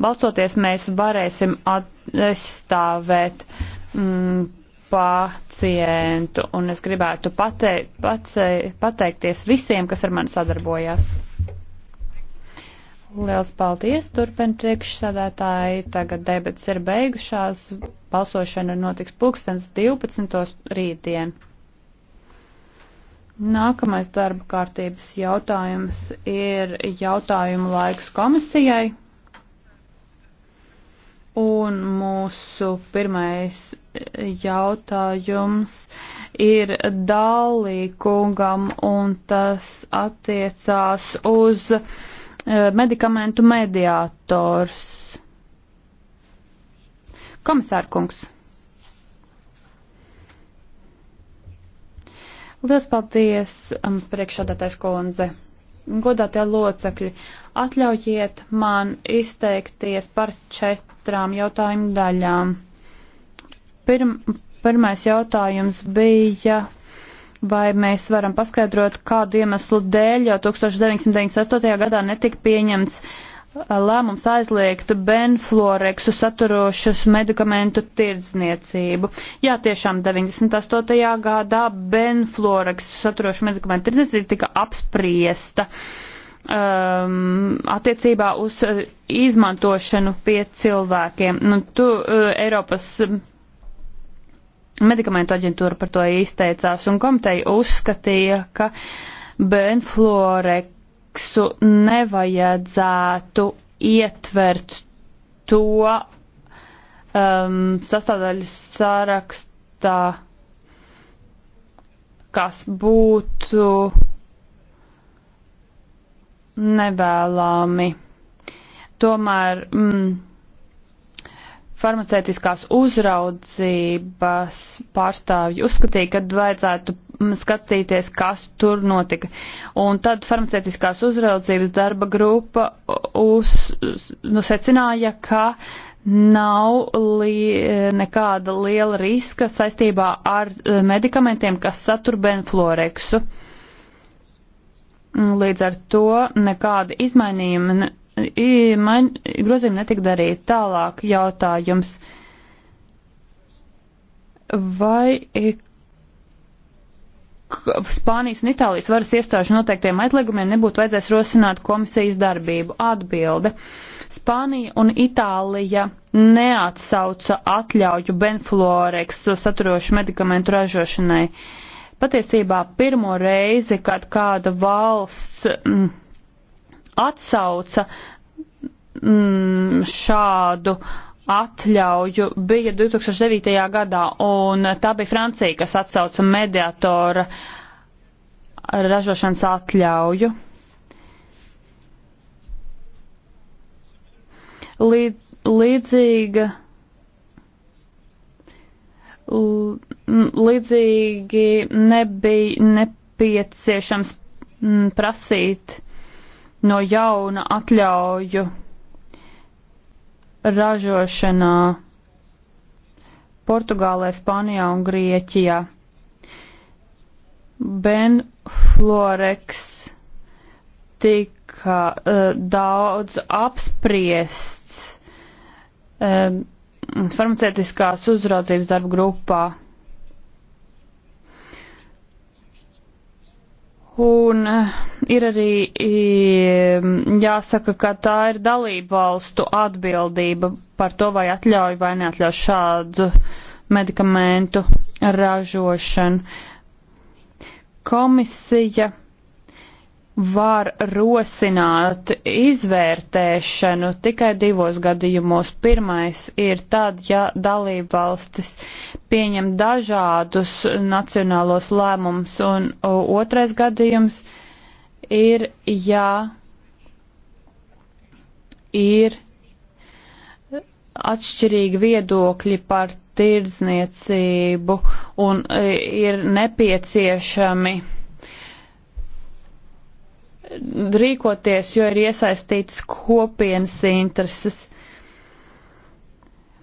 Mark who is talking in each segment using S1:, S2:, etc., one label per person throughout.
S1: Balsoties mēs varēsim aizstāvēt mm, pacientu, un es gribētu patei, patei, pateikties visiem, kas ar mani sadarbojās. Liels paldies, turpin priekšsādātāji. Tagad debats ir beigušās. Balsošana notiks pulkstens 12. rītdien. Nākamais darba kārtības jautājums ir jautājumu laiks komisijai. Un mūsu pirmais jautājums ir Dālī kungam, un tas attiecās uz eh, medikamentu mediātors. Komisārkungs. Lielas paldies, um, priekšādātais kundze. Godātie locekļi, atļaujiet man izteikties par četriem četrām jautājumu daļām. Pirm, pirmais jautājums bija, vai mēs varam paskaidrot, kādu iemeslu dēļ jau 1998. gadā netika pieņemts uh, lēmums aizliegt benfloreksu saturošus medikamentu tirdzniecību. Jā, tiešām 98. gadā benfloreksu saturošu medikamentu tirdzniecība tika apspriesta. Uh, um, attiecībā uz uh, izmantošanu pie cilvēkiem. Nu, tu, uh, Eiropas um, medikamentu aģentūra par to izteicās, un komiteja uzskatīja, ka benfloreksu nevajadzētu ietvert to um, sastāvdaļu sarakstā, kas būtu nevēlami. Tomēr mm, farmaceitiskās uzraudzības pārstāvji uzskatīja, ka vajadzētu mm, skatīties, kas tur notika. Un tad farmaceitiskās uzraudzības darba grupa uz, uz, nu, secināja, ka nav li nekāda liela riska saistībā ar eh, medikamentiem, kas satur benfloreksu. Uh, Līdz ar to nekāda izmainījuma, maiņ, grozījuma netika darīta. Tālāk jautājums. Vai Spānijas un Itālijas varas iestāžu noteiktiem aizliegumiem nebūtu vajadzēs rosināt komisijas darbību? Atbilde. Spānija un Itālija neatsauca atļauju benfloreksu saturošu medikamentu ražošanai. Uh, patiesībā pirmo reizi, kad kāda valsts mm, atsauca mm, šādu atļauju, bija 2009. gadā, un tā bija Francija, kas atsauca mediatora ražošanas atļauju. Līd, līdzīga līdzīgi nebija nepieciešams mm, prasīt no jauna atļauju ražošanā Portugālē, Spānijā un Grieķijā. Ben Florex tika uh, daudz apspriests. Um, uh, farmaceitiskās uzraudzības darba grupā. Un eh, ir arī eh, jāsaka, ka tā ir dalību valstu atbildība par to, vai atļauj vai neatļauj šādu medikamentu ražošanu. Komisija var rosināt izvērtēšanu tikai divos gadījumos. Pirmais ir tad, ja dalībvalstis pieņem dažādus nacionālos lēmumus, un otrais gadījums ir, ja ir atšķirīgi viedokļi par tirdzniecību un e, ir nepieciešami rīkoties, jo ir iesaistītas kopienas intereses.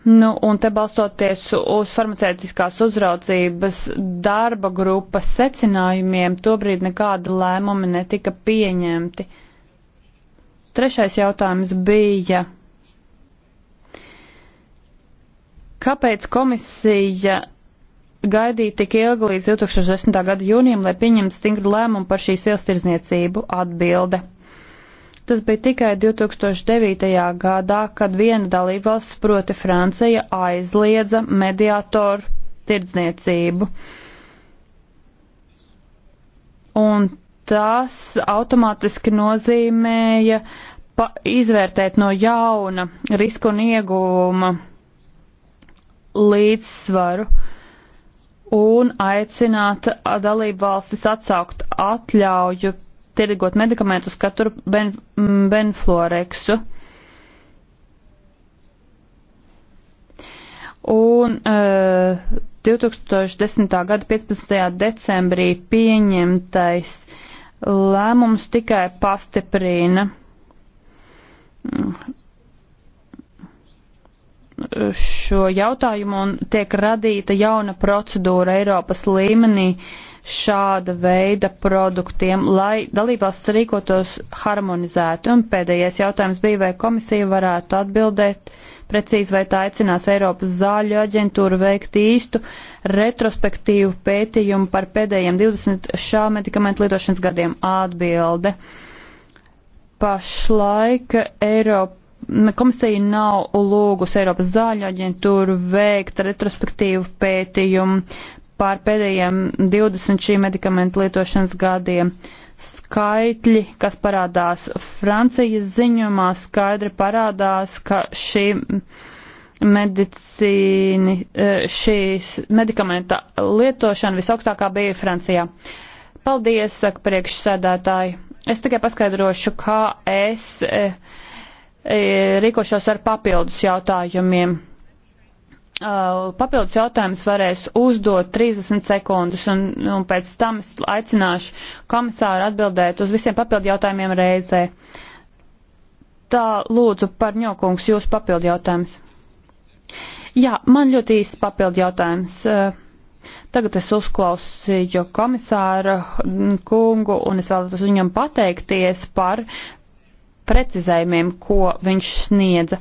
S1: Nu, un te balstoties uz farmaceitiskās uzraudzības darba grupas secinājumiem, tobrīd nekāda lēmuma netika pieņemti. Trešais jautājums bija, kāpēc komisija gaidīt tik ilgi līdz 2010. gada jūnijam, lai pieņemtu stingru lēmumu par šīs vielas tirzniecību? Atbilde. Tas bija tikai 2009. gadā, kad viena dalībvalsts, proti Francija, aizliedza mediātoru tirdzniecību. Un tas automātiski nozīmēja pa, izvērtēt no jauna risku un ieguvuma līdzsvaru un aicināt dalību valstis atsaukt atļauju tirgot medikamentus, kā tur ben, mm, benfloreksu. Un uh, eh, 2010. gada 15. decembrī pieņemtais lēmums tikai pastiprina šo jautājumu un tiek radīta jauna procedūra Eiropas līmenī šāda veida produktiem, lai dalībvalsts rīkotos harmonizēti. Un pēdējais jautājums bija, vai komisija varētu atbildēt precīzi, vai tā aicinās Eiropas zāļu aģentūru veikt īstu retrospektīvu pētījumu par pēdējiem 20 šā medikamentu lietošanas gadiem. Atbilde. Pašlaik Eiropa Komisija nav lūgusi Eiropas zāļu aģentūru veikt retrospektīvu pētījumu pār pēdējiem 20 šī medikamentu lietošanas gadiem. Skaitļi, kas parādās Francijas ziņumā, skaidri parādās, ka šī medicīni, e, šīs medikamenta lietošana visaugstākā bija Francijā. Paldies, saka priekšsēdētāji. Es tikai paskaidrošu, kā es. Eh, E, rīkošos ar papildus jautājumiem. Papildus jautājums varēs uzdot 30 sekundes, un, un pēc tam es aicināšu komisāru atbildēt uz visiem papildu jautājumiem reizē. Tā lūdzu par ņokungs jūsu papildu jautājums. Jā, man ļoti īsts papildu jautājums. Tagad es uzklausīju komisāru kungu, un es vēlētos viņam pateikties par precizējumiem, ko viņš sniedza.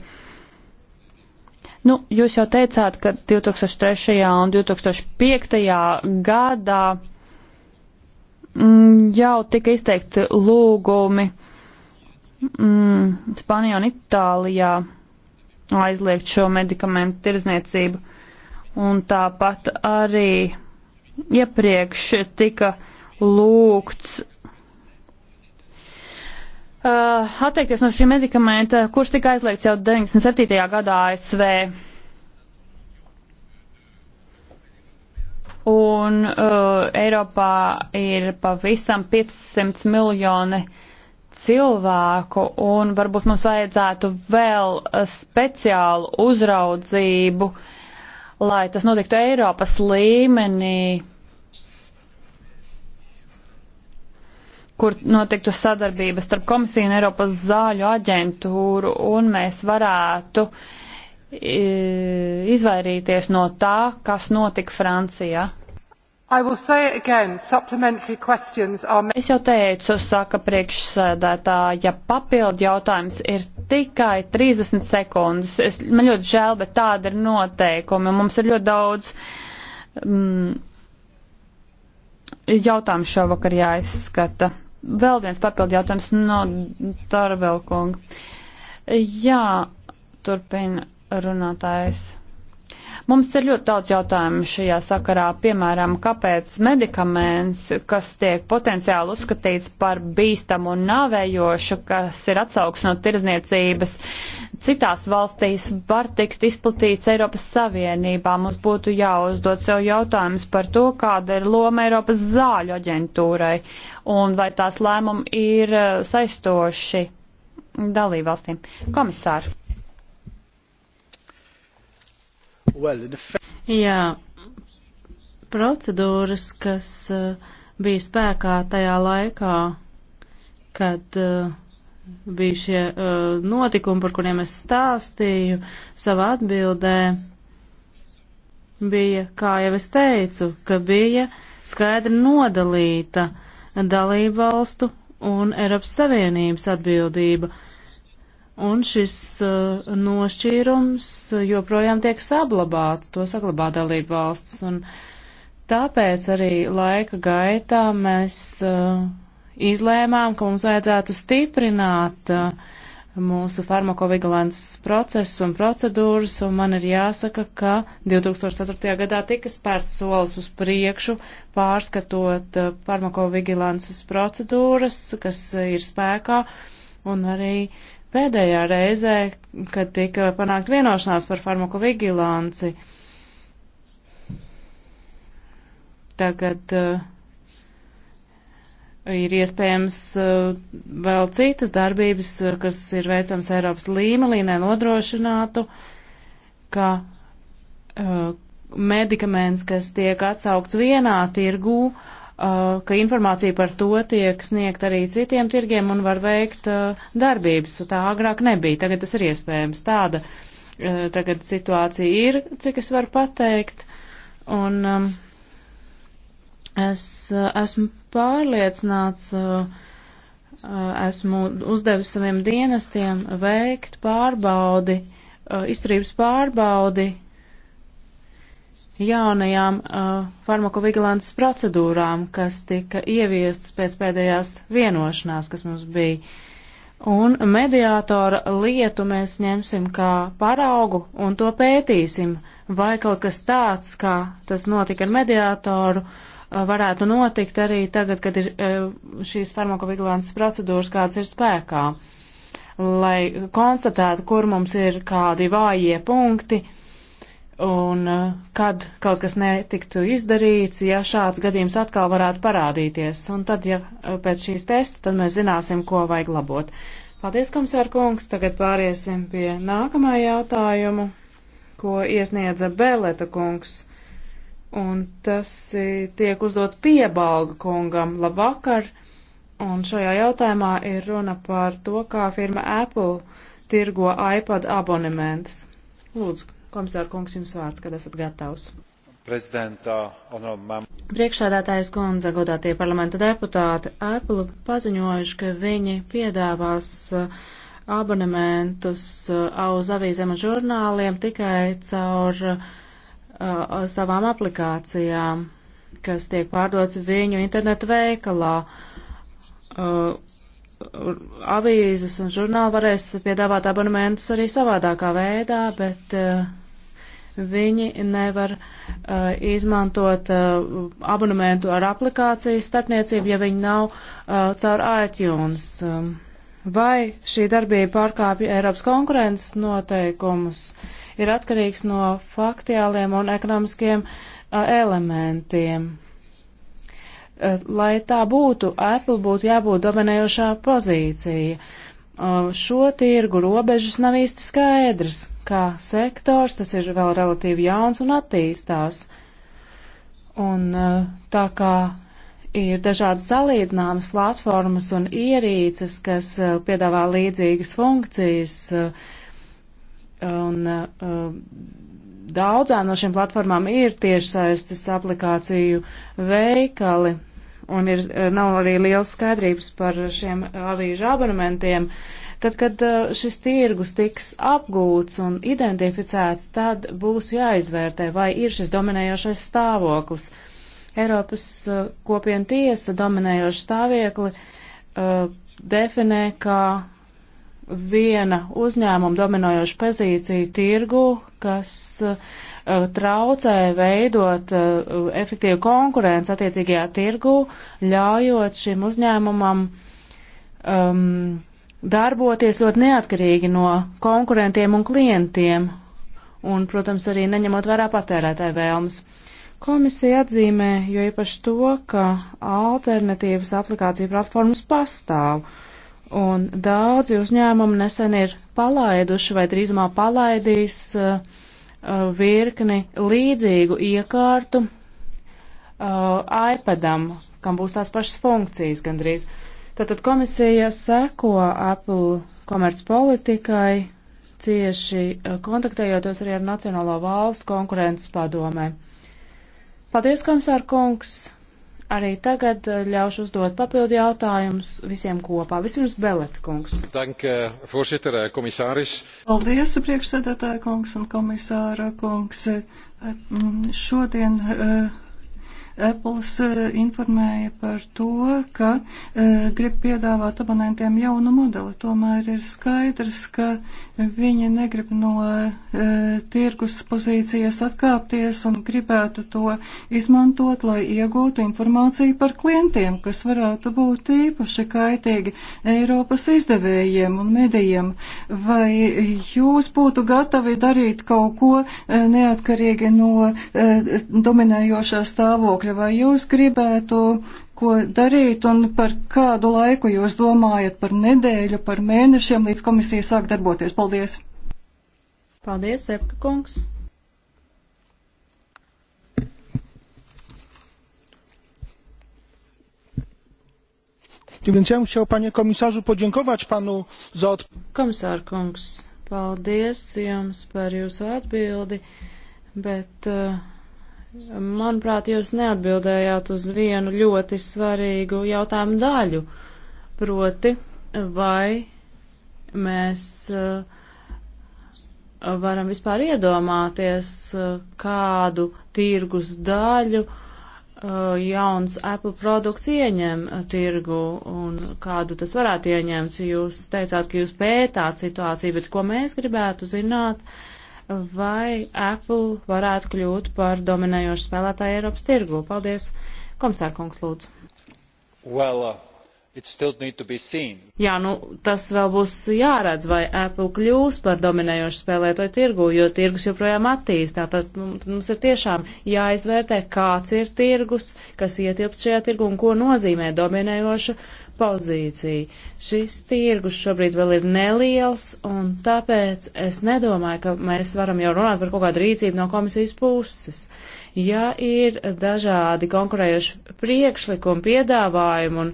S1: Nu, jūs jau teicāt, ka 2003. un 2005. gadā mm, jau tika izteikti lūgumi mm, Spānijā un Itālijā aizliegt šo medikamentu tirdzniecību. Un tāpat arī iepriekš tika lūgts uh, atteikties no šī medikamenta, kurš tika aizliegts jau 97. gadā ASV. Un uh, Eiropā ir pavisam 500 miljoni cilvēku, un varbūt mums vajadzētu vēl eh, speciālu uzraudzību, lai tas notiktu Eiropas līmenī kur notiktu sadarbība starp komisiju un Eiropas zāļu aģentūru, un mēs varētu e, izvairīties no tā, kas notika Francijā. Again, are... Es jau teicu, saka priekšsēdētāja, ja papildu jautājums ir tikai 30 sekundes. Es, man ļoti žēl, bet tāda ir noteikumi. Mums ir ļoti daudz mm, jautājumu šovakar jāizskata vēl viens papildu jautājums no Tarvelkunga. Jā, turpina runātājs. Mums ir ļoti daudz jautājumu šajā sakarā, piemēram, kāpēc medikaments, kas tiek potenciāli uzskatīts par bīstamu un nāvējošu, kas ir atsaugs no tirzniecības, uh, citās valstīs var tikt izplatīts Eiropas Savienībā. Mums būtu jāuzdod sev jautājums par to, kāda ir loma Eiropas zāļu aģentūrai un vai tās lēmumi ir eh, saistoši dalībvalstīm. Komisāri. Well, Jā,
S2: procedūras, kas uh, bija spēkā tajā laikā, kad uh, bija šie uh, notikumi, par kuriem es stāstīju savā atbildē, bija, kā jau es teicu, ka bija skaidri nodalīta dalību valstu un Eiropas Savienības atbildība. Un šis uh, nošķīrums joprojām tiek saglabāts, to saglabā dalību valsts. Un tāpēc arī laika gaitā mēs uh, izlēmām, ka mums vajadzētu stiprināt uh, mūsu farmakovigilants procesus un procedūras, un man ir jāsaka, ka 2004. gadā tika spērts solis uz priekšu, pārskatot uh, farmakovigilances procedūras, kas ir spēkā, un arī pēdējā reizē, kad tika panākt vienošanās par farmakovigilanci. Tagad uh, ir iespējams eh, vēl citas darbības, eh, kas ir veicams Eiropas līmenī, nenodrošinātu, ka eh, medikaments, kas tiek atsaukts vienā tirgū, ka informācija par to tiek sniegt arī citiem tirgiem un var veikt darbības. Tā agrāk nebija, tagad tas ir iespējams. Tāda tagad situācija ir, cik es varu pateikt. Un, um, Es eh, esmu pārliecināts, eh, eh, esmu uzdevis saviem dienestiem veikt pārbaudi, izturības pārbaudi jaunajām uh, farmakovigilantes procedūrām, kas tika ieviestas pēc pēdējās vienošanās, kas mums bija. Un mediātora lietu mēs ņemsim kā paraugu un to pētīsim, vai kaut kas tāds, kā tas notika ar mediātoru, Eh, varētu notikt arī tagad, kad ir eh, šīs farmakovigilants procedūras, kāds ir spēkā, lai konstatētu, kur mums ir kādi vājie punkti un eh, kad kaut kas netiktu izdarīts, ja šāds gadījums atkal varētu parādīties. Un tad, ja pēc šīs testa, tad mēs zināsim, ko vajag labot. Paldies, komisār kungs. Tagad pāriesim pie nākamā jautājumu, ko iesniedza Bēleta kungs un tas e, tiek uzdots piebalga kungam. Labvakar! Un šajā jautājumā ir runa par to, kā firma Apple tirgo iPad abonementus. Lūdzu, komisāra kungs, jums vārds, kad esat gatavs.
S1: Priekšsādātājs
S2: kundze, godātie parlamenta deputāti, Apple paziņojuši, ka viņi piedāvās e, abonementus e, uz avīzēm un žurnāliem tikai caur uh, uh, savām aplikācijām, kas tiek pārdots viņu internetu veikalā. Uh, avīzes un žurnāli varēs piedāvāt abonementus arī savādākā veidā, bet uh, viņi nevar uh, izmantot uh, abonementu ar aplikācijas starpniecību, ja viņi nav uh, caur iTunes. Um, vai šī darbība pārkāpja Eiropas konkurences noteikumus? Uh, ir atkarīgs no faktiāliem un ekonomiskiem elementiem. Lai tā būtu, Apple būtu jābūt dominējošā pozīcija. Šo tirgu robežas nav īsti skaidrs, kā sektors tas ir vēl relatīvi jauns un attīstās. Un tā kā ir dažādas salīdzināmas platformas un ierīces, kas piedāvā līdzīgas funkcijas, uh, Un uh, daudzām no šiem platformām ir tiešsaistes aplikāciju veikali, un ir, uh, nav arī liels skaidrības par šiem avīžu abonementiem. Tad, kad uh, šis tirgus tiks apgūts un identificēts, tad būs jāizvērtē, vai ir šis dominējošais stāvoklis. Eiropas kopiena tiesa dominējošu stāviekli uh, definē kā viena uzņēmuma dominojoša pozīcija tirgu, kas uh, traucē veidot uh, efektīvu konkurenci attiecīgajā tirgu, ļaujot šim uzņēmumam um, darboties ļoti neatkarīgi no konkurentiem un klientiem, un, protams, arī neņemot vērā patērētāju vēlmes. Komisija atzīmē, jo īpaši to, ka alternatīvas aplikāciju platformas pastāv, Un daudzi uzņēmumi nesen ir palaiduši vai drīzumā palaidīs uh, uh, virkni līdzīgu iekārtu uh, iPadam, kam būs tās pašas funkcijas gandrīz. Tātad komisija seko Apple komercpolitikai, cieši uh, kontaktējoties arī ar Nacionālo valstu konkurences padomē. Paldies, komisār kungs! Arī tagad eh, ļaušu uzdot papildu jautājumus visiem kopā. Vispirms Beleta kungs. Dank, voorzitter, komisāris. Eh, Paldies, priekšsēdētāja
S3: kungs un komisāra kungs. Eh, mm, šodien uh, Apple eh, informēja par to, ka eh, grib piedāvāt abonentiem jaunu modeli. Tomēr ir skaidrs, ka viņi negrib no eh, tirgus pozīcijas atkāpties un gribētu to izmantot, lai iegūtu informāciju par klientiem, kas varētu būt īpaši kaitīgi Eiropas izdevējiem un medijiem. Vai jūs būtu gatavi darīt kaut ko neatkarīgi no dominējošā stāvokļa? viedokļa, vai jūs gribētu ko darīt un par kādu laiku jūs domājat, par nedēļu, par mēnešiem, līdz komisija sāk darboties? Paldies!
S2: Paldies, Epka kungs!
S1: Więc ja bym chciał, panie
S2: komisarzu, podziękować panu za odpowiedź. Komisar kungs, paldies jums par jūsu atbildi, bet uh, Manuprāt, jūs neatbildējāt uz vienu ļoti svarīgu jautājumu daļu, proti, vai mēs eh, varam vispār iedomāties eh, kādu tirgus daļu eh, jauns Apple produkts ieņem tirgu un kādu tas varētu ieņemt. Jūs teicāt, ka jūs pētāt situāciju, bet ko mēs gribētu zināt? Uh, vai Apple varētu kļūt par dominējošu spēlētāju Eiropas tirgu. Paldies, komisārkungs, lūdzu.
S3: Well, uh... Jā,
S2: nu tas vēl būs jāredz, vai Apple kļūs par dominējošu spēlētoju tirgu, jo tirgus joprojām attīstās. Tad nu, mums ir tiešām jāizvērtē, kāds ir tirgus, kas ietilpst šajā tirgu un ko nozīmē dominējoša pozīciju. Šis tirgus šobrīd vēl ir neliels, un tāpēc es nedomāju, ka mēs varam jau runāt par kaut kādu rīcību no komisijas puses. Ja ir dažādi konkurējoši priekšlikumi, piedāvājumi un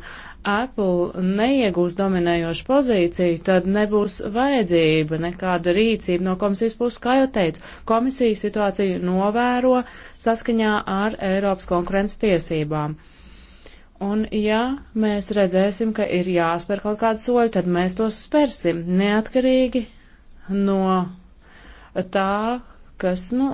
S2: Apple neiegūs dominējošu pozīciju, tad nebūs vajadzība nekāda rīcība no komisijas puses, kā jau teicu. Komisija situāciju novēro saskaņā ar Eiropas konkurences tiesībām. Un ja mēs redzēsim, ka ir jāspēr kaut kādu soļu, tad mēs tos spērsim neatkarīgi no tā, kas, nu,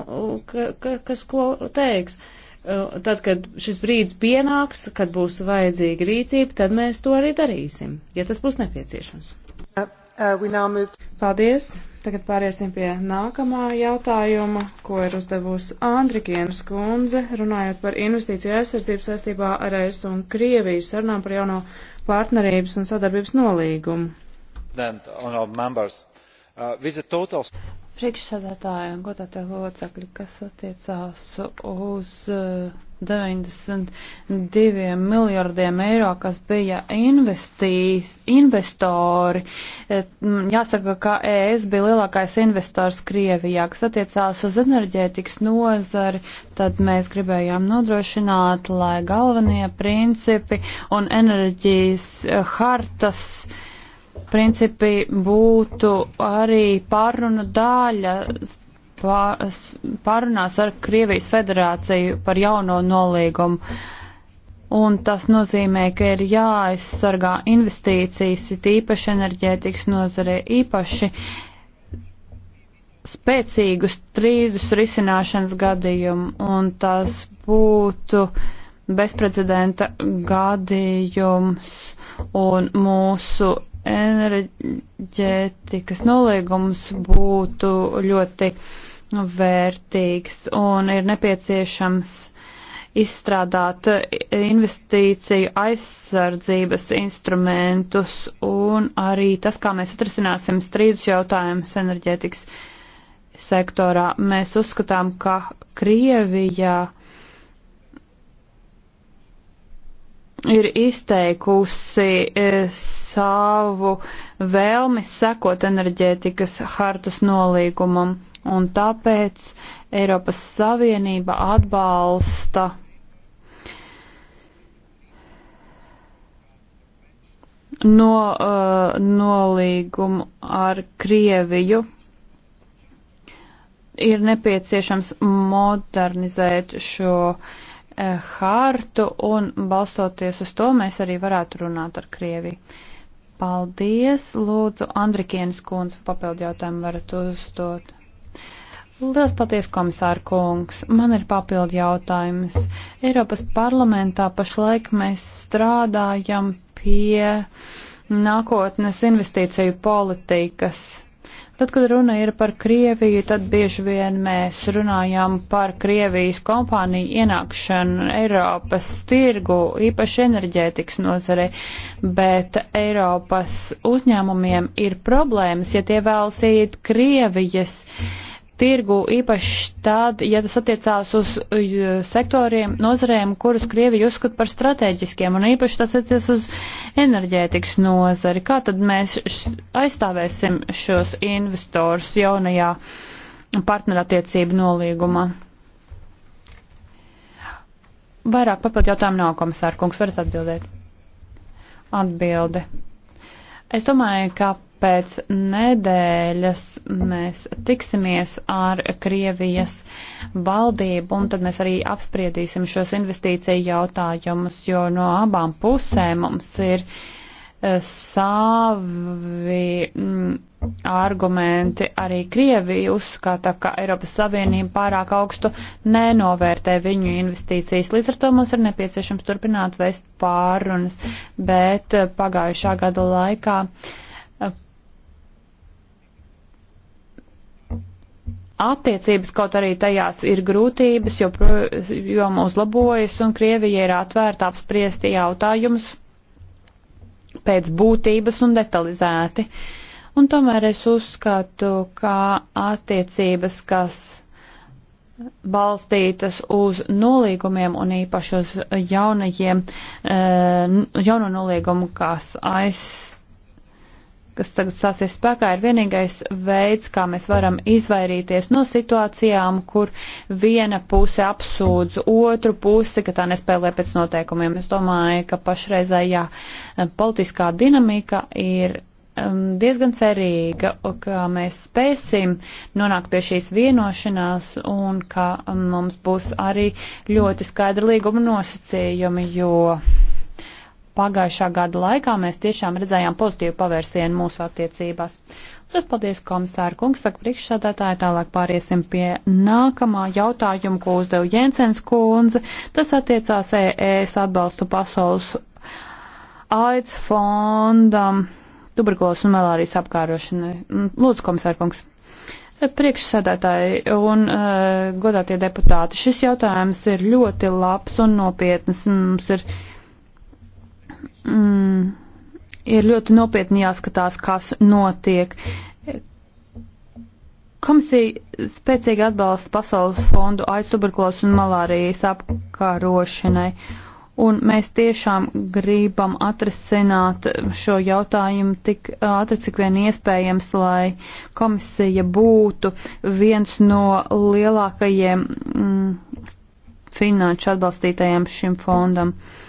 S2: ka, ka, kas ko teiks. Uh, tad, kad šis brīdis pienāks, kad būs vajadzīga rīcība, tad mēs to arī darīsim, ja tas būs nepieciešams. Uh, uh, Paldies! Tagad pāriesim pie nākamā jautājuma, ko ir uzdevusi Andrikienas kundze, runājot par investīciju aizsardzību saistībā ar ES un Krievijas sarunām par jauno partnerības un sadarbības
S1: nolīgumu.
S3: Uh,
S1: Priekšsēdētāji un godātie locekļi, kas attiecās uz uh, 92 miljardiem eiro, kas bija investīs, investori. E, jāsaka, ka ES bija lielākais investors Krievijā, kas attiecās uz enerģētikas nozari, tad mēs gribējām nodrošināt, lai galvenie principi un enerģijas e, hartas principi būtu arī pārunu daļa pārunās ar Krievijas federāciju par jauno nolīgumu. Un tas nozīmē, ka ir jāaizsargā investīcijas, it īpaši enerģētikas nozarē, īpaši spēcīgu strīdus risināšanas gadījumu, un tas būtu bezprecedenta gadījums, un mūsu enerģētikas nolīgums būtu ļoti vērtīgs un ir nepieciešams izstrādāt investīciju aizsardzības instrumentus un arī tas, kā mēs atrisināsim strīdus jautājumus enerģētikas sektorā. Mēs uzskatām, ka Krievijā ir izteikusi e, savu vēlmi sekot enerģētikas hartas nolīgumam Un tāpēc Eiropas Savienība atbalsta no, uh, nolīgumu ar Krieviju ir nepieciešams modernizēt šo uh, hartu un balstoties uz to mēs arī varētu runāt ar Krieviju. Paldies, lūdzu, Andrikienes kundze, papildu jautājumu varat uzdot. Liels paties, komisāra kungs. Man ir papildu jautājums. Eiropas parlamentā pašlaik mēs strādājam pie nākotnes investīciju politikas. Tad, kad runa ir par Krieviju, tad bieži vien mēs runājam par Krievijas kompāniju ienākšanu Eiropas tirgu, īpaši enerģētikas nozare, bet Eiropas uzņēmumiem ir problēmas, ja tie vēlas iet Krievijas. Uh, tirgu, īpaši tad, ja tas attiecās uz uh, sektoriem, nozarēm, kurus Krievija uzskata par strateģiskiem, un īpaši tas attiecas uz enerģētikas nozari. Kā tad mēs aizstāvēsim šos investors jaunajā partnerattiecību nolīgumā? Vairāk papildu jautājumu nav, komisāra kungs, varat atbildēt? Atbilde. Es domāju, ka pēc nedēļas mēs tiksimies ar Krievijas valdību, un tad mēs arī apspriedīsim šos investīciju jautājumus, jo no abām pusēm mums ir eh, savi mm, argumenti. Arī Krievija uzskata, ka Eiropas Savienība pārāk augstu nenovērtē viņu investīcijas. Līdz ar to mums ir nepieciešams turpināt vēst pārunas, bet eh, pagājušā gada laikā uh, attiecības, kaut arī tajās ir grūtības, jo, jo mūs labojas un Krievija ir atvērta apspriest jautājumus pēc būtības un detalizēti. Un tomēr es uzskatu, ka attiecības, kas balstītas uz nolīgumiem un īpaši uz jaunajiem, eh, jauno nolīgumu, kas aiz kas tagad sāksies spēkā, ir vienīgais veids, kā mēs varam izvairīties no situācijām, kur viena puse apsūdz otru pusi, ka tā nespēlē pēc noteikumiem. Es domāju, ka pašreizējā eh, politiskā dinamika ir ehm, diezgan cerīga, ka mēs spēsim nonākt pie šīs vienošanās un ka mums būs arī ļoti skaidra līguma nosacījumi, jo pagājušā gada laikā mēs tiešām redzējām pozitīvu pavērsienu mūsu attiecībās. Liels paldies, komisāra kungs, saka priekšsādātāji, tālāk pāriesim pie nākamā jautājuma, ko uzdev Jensens kundze. Tas attiecās ES e atbalstu pasaules AIDS fondam tuberkulos un melārijas apkārošanai. Mm, lūdzu, komisāra kungs. Priekšsēdētāji un uh, godātie deputāti, šis jautājums ir ļoti labs un nopietns. Mums ir uh, mm, ir ļoti nopietni jāskatās, kas notiek. Komisija spēcīgi atbalsta Pasaules fondu aiz tuberkulos un malārijas apkarošanai. Un mēs tiešām gribam atrisināt šo jautājumu tik ātri, cik vien iespējams, lai komisija būtu viens no lielākajiem mm, finanšu atbalstītajiem šim fondam. Uh,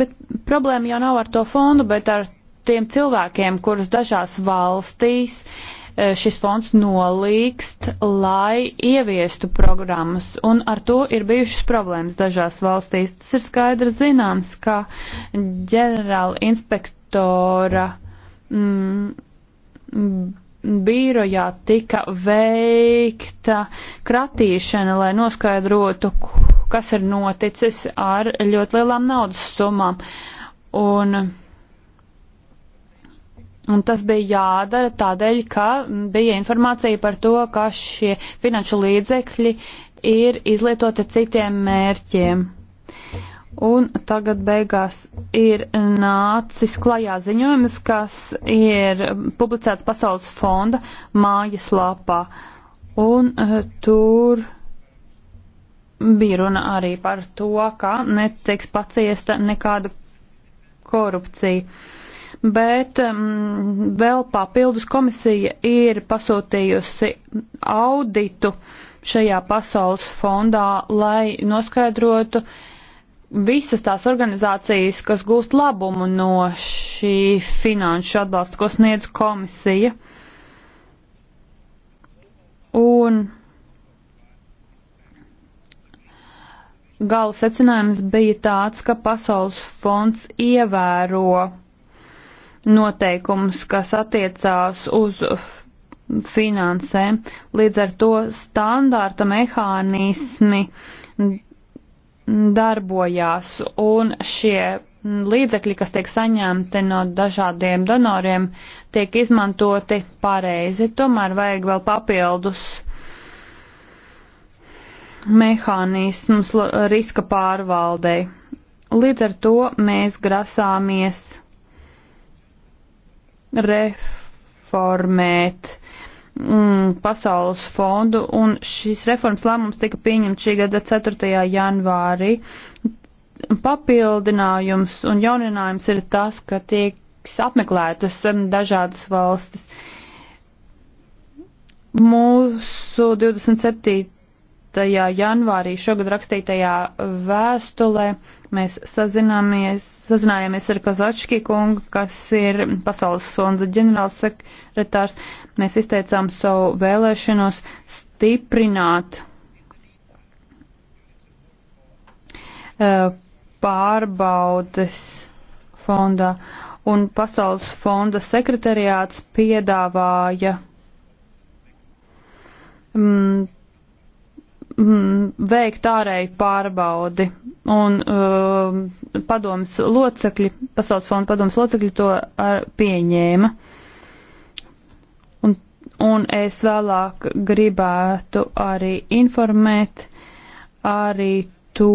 S1: Bet problēma jau nav ar to fondu, bet ar tiem cilvēkiem, kurus dažās valstīs e, šis fonds nolīgst, lai ieviestu programmas, un ar to ir bijušas problēmas dažās valstīs. Tas ir skaidri zināms, ka ģenerāla inspektora mm, birojā tika veikta kratīšana, lai noskaidrotu, kas ir noticis ar ļoti lielām naudas summām. Un, un tas bija jādara tādēļ, ka bija informācija par to, ka šie finanšu līdzekļi ir izlietoti citiem mērķiem. Un tagad beigās ir nācis klajā ziņojums, kas ir publicēts Pasaules fonda mājas lapā. Un uh, tur bija runa arī par to, ka netiks paciesta nekāda korupcija. Bet um, vēl papildus komisija ir pasūtījusi auditu šajā pasaules fondā, lai noskaidrotu visas tās organizācijas, kas gūst labumu no šī finanšu atbalsta, ko sniedz komisija. Un Gala secinājums bija tāds, ka Pasaules fonds ievēro noteikumus, kas attiecās uz finansēm. Līdz ar to standārta mehānismi darbojās un šie līdzekļi, kas tiek saņemti no dažādiem donoriem, tiek izmantoti pareizi. Tomēr vajag vēl papildus mehānisms riska pārvaldei. Līdz ar to mēs grasāmies reformēt mm, pasaules fondu, un šis reformas lēmums tika pieņemts šī gada 4. janvārī. Papildinājums un jauninājums ir tas, ka tiek apmeklētas mm, dažādas valstis. Mūsu 27 janvārī šogad rakstītajā vēstulē mēs sazinājāmies ar Kazački kungu, kas ir Pasaules fonda ģenerālsekretārs. Mēs izteicām savu vēlēšanos stiprināt e, pārbaudes fondā. Un Pasaules fonda sekretariāts piedāvāja mm, Mm, veikt ārēju pārbaudi. Un uh, um, padomas locekļi, pasaules fonda padomas locekļi to ar, pieņēma. Un, un es vēlāk gribētu arī informēt arī to,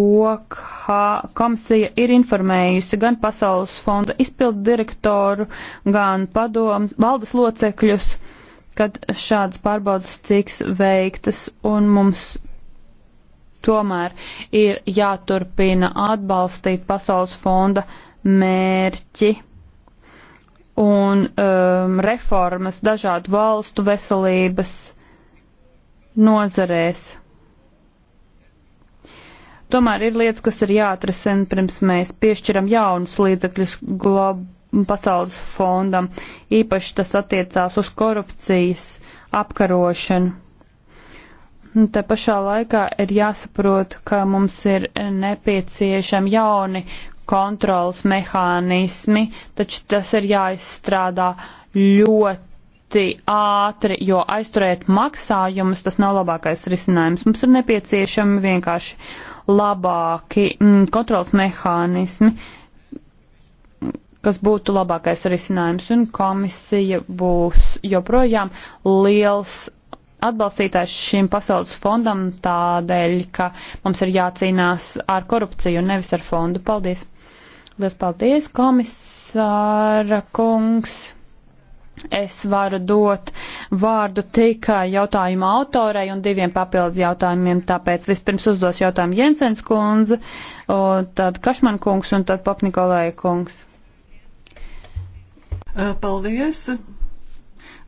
S1: ka komisija ir informējusi gan pasaules fonda izpildu direktoru, gan padomas valdes locekļus kad šādas pārbaudas tiks veiktas, un mums Tomēr ir jāturpina atbalstīt Pasaules fonda mērķi un um, reformas dažādu valstu veselības nozarēs. Tomēr ir lietas, kas ir jāatrisina, pirms mēs piešķiram jaunus līdzekļus pasaules fondam. Īpaši tas attiecās uz korupcijas apkarošanu. Nu, te pašā laikā ir jāsaprot, ka mums ir nepieciešami jauni kontrols mehānismi, taču tas ir jāizstrādā ļoti ātri, jo aizturēt maksājumus tas nav labākais risinājums. Mums ir nepieciešami vienkārši labāki mm, kontrols mehānismi, kas būtu labākais risinājums, un komisija būs joprojām liels atbalstītājs šim pasaules fondam tādēļ, ka mums ir jācīnās ar korupciju un nevis ar fondu. Paldies! Lielas paldies, komisāra kungs! Es varu dot vārdu tikai jautājuma autorei un diviem papildus jautājumiem, tāpēc vispirms uzdos jautājumu Jensens kundze, tad Kašman kungs un tad Papnikolai kungs.
S3: Paldies!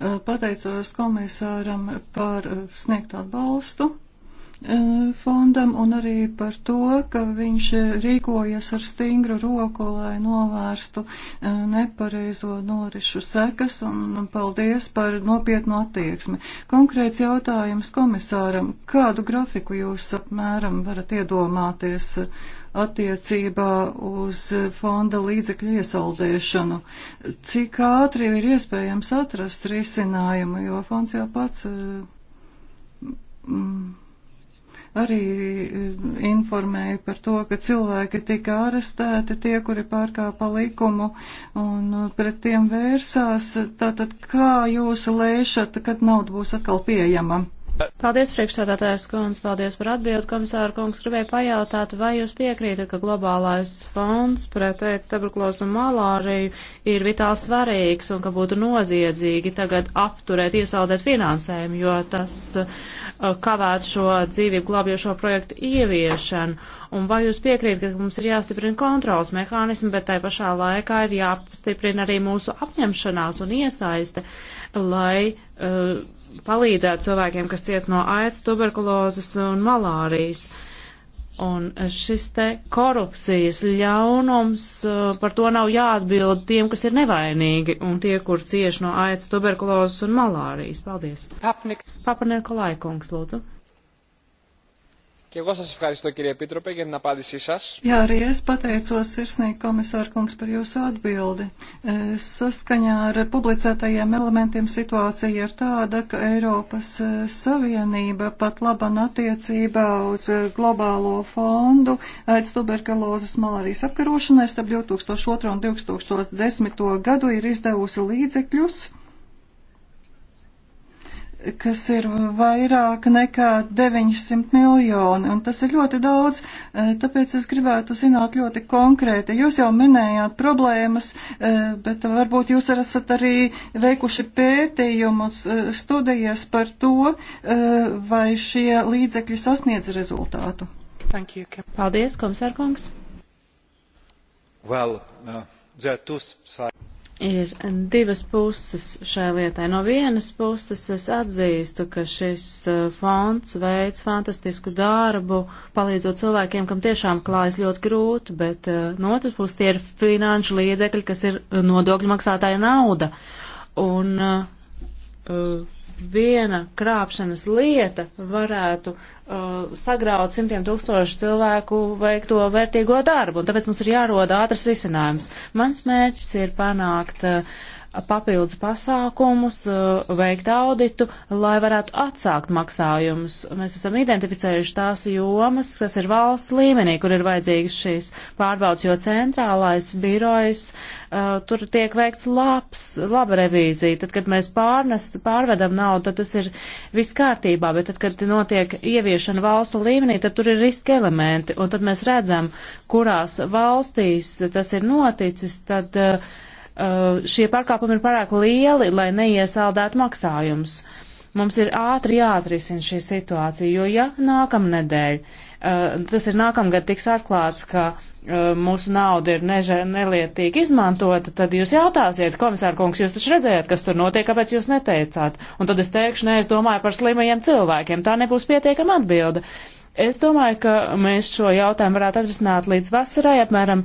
S3: Eh, pateicos komisāram par eh, sniegto atbalstu eh, fondam un arī par to, ka viņš rīkojas ar stingru roku, lai novērstu nepareizo norišu sekas un paldies par nopietnu attieksmi. Konkrēts jautājums komisāram, kādu grafiku jūs apmēram varat iedomāties? attiecībā uz fonda līdzekļu iesaldēšanu. Cik ātri ir iespējams atrast risinājumu, jo fonds jau pats eh, mm, arī eh, informēja par to, ka cilvēki tika arestēti, tie, kuri pārkāpa likumu un eh, pret tiem vērsās. Tātad, kā jūs lēšat, kad nauda būs atkal pieejama?
S2: Paldies, priekšsādātājs kundze, paldies par atbildi. Komisāra kungs gribēja pajautāt, vai jūs piekrītat, ka globālais fonds pret aids, tuberkulozu un malāriju ir vitāli svarīgs un ka būtu noziedzīgi tagad apturēt, iesaldēt finansējumu, jo tas uh, Uh, kavēt šo dzīvību glābjošo projektu ieviešanu? Un vai jūs piekrīt, ka mums ir jāstiprina kontrols mehānismi, bet tai pašā laikā ir jāstiprina arī mūsu apņemšanās un iesaiste, lai uh, palīdzētu cilvēkiem, kas ciet no aids, tuberkulozes un malārijas? Uh, Un šis te korupcijas ļaunums, eh, par to nav jāatbild tiem, kas ir nevainīgi un tie, kur cieš no aicu tuberkulozes un malārijas. Paldies. Papnieka laikungs, lūdzu.
S1: Και εγώ σας ευχαριστώ κύριε Επίτροπε για την απάντησή σας.
S2: Jā, arī es pateicos
S3: sirsnīgi komisāra kungs par jūsu atbildi. E, saskaņā ar publicētajiem elementiem situācija ir tāda, ka Eiropas e, Savienība pat laban attiecībā uz e, globālo fondu aiz tuberkulozes malārijas apkarošanai starp 2002 un 2010 gadu ir izdevusi līdzekļus kas ir vairāk nekā 900 miljoni, un tas ir ļoti daudz, e, tāpēc es gribētu zināt ļoti konkrēti. Jūs jau minējāt problēmas, e, bet varbūt jūs esat arī veikuši pētījumus, e, studijas par to, vai šie
S2: līdzekļi sasniedz rezultātu. You, Paldies, komisārkungs.
S3: Well, uh,
S2: Ir divas puses šai lietai. No vienas puses es atzīstu, ka šis e, fonds veids fantastisku darbu, palīdzot cilvēkiem, kam tiešām klājas ļoti grūti, bet e, no otras puses tie ir finanšu līdzekļi, kas ir nodokļu maksātāja nauda. Un uh, viena krāpšanas lieta varētu uh, sagraut simtiem tūkstošu cilvēku veikto vērtīgo darbu, un tāpēc mums ir jāroda ātrs risinājums. Mans mērķis ir panākt uh, papildus pasākumus, eh, veikt auditu, lai varētu atsākt maksājumus. Mēs esam identificējuši tās jomas, kas ir valsts līmenī, kur ir vajadzīgas šīs pārbaudas, jo centrālais birojs uh, tur tiek veikts labs, laba revīzija. Tad, kad mēs pārnest, pārvedam naudu, tad tas ir viss kārtībā, bet tad, kad notiek ieviešana valstu līmenī, tad tur ir riska elementi, un tad mēs redzam, kurās valstīs tas ir noticis, tad uh, Uh, šie pārkāpumi ir pārāk lieli, lai neiesaldētu maksājumus. Mums ir ātri jāatrisina šī situācija, jo ja nākamnedēļ, uh, tas ir nākamgad tiks atklāts, ka uh, mūsu nauda ir neža, nelietīgi izmantota, tad jūs jautāsiet, komisāra kungs, jūs taču redzējāt, kas tur notiek, kāpēc jūs neteicāt? Un tad es teikšu, nē, es domāju par slimajiem cilvēkiem, tā nebūs pietiekama atbilde. Es domāju, ka mēs šo jautājumu varētu atrisināt līdz vasarai, apmēram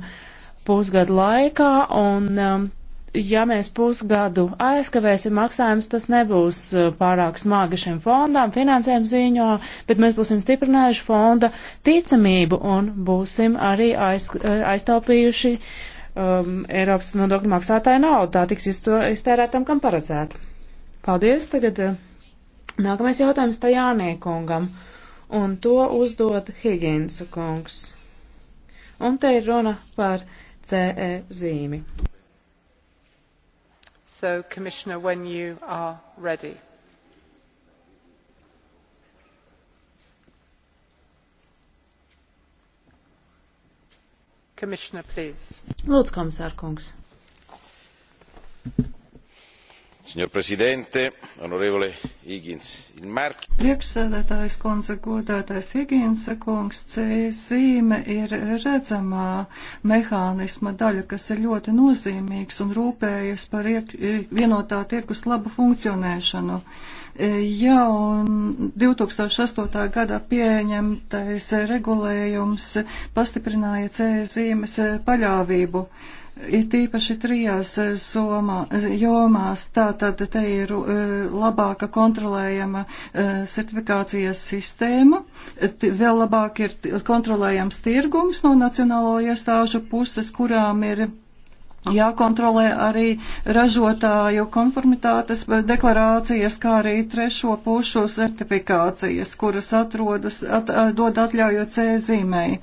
S2: pusgadu laikā, un um, ja mēs pusgadu aizkavēsim maksājumus, tas nebūs e, pārāk smagi šim fondām, finansējuma ziņā, bet mēs būsim stiprinājuši fonda ticamību un būsim arī aiz, e, aiztaupījuši um, Eiropas nodokļu maksātāju naudu. Tā tiks iztērētam, kam paredzēta. Paldies. Tagad e, nākamais jautājums Tajānie kungam. Un to uzdot Higinsa kungs. Un te ir runa par CE zīmi
S3: so commissioner when you are ready. commissioner please.
S2: lūdzu komisār kungs
S3: signor presidente onorevole higgins il marchio. priekšsēdētājas kundze godātais higginsa kungs c zīme ir redzamā mehānisma daļa kas ir ļoti nozīmīgs un rūpējas par iek, vienotā tirkus labu funkcionēšanu. Jā, un 2008. gadā pieņemtais regulējums pastiprināja C zīmes paļāvību. Uh, It īpaši trijās eh, somā, eh, jomās tātad te ir eh, labāka kontrolējama certifikācijas sistēma, vēl labāk ir kontrolējams tirgums no nacionālo iestāžu puses, kurām ir jākontrolē arī ražotāju konformitātes deklarācijas, kā arī trešo pušu certifikācijas, kuras atrodas, at, dod atļauju C zīmēji.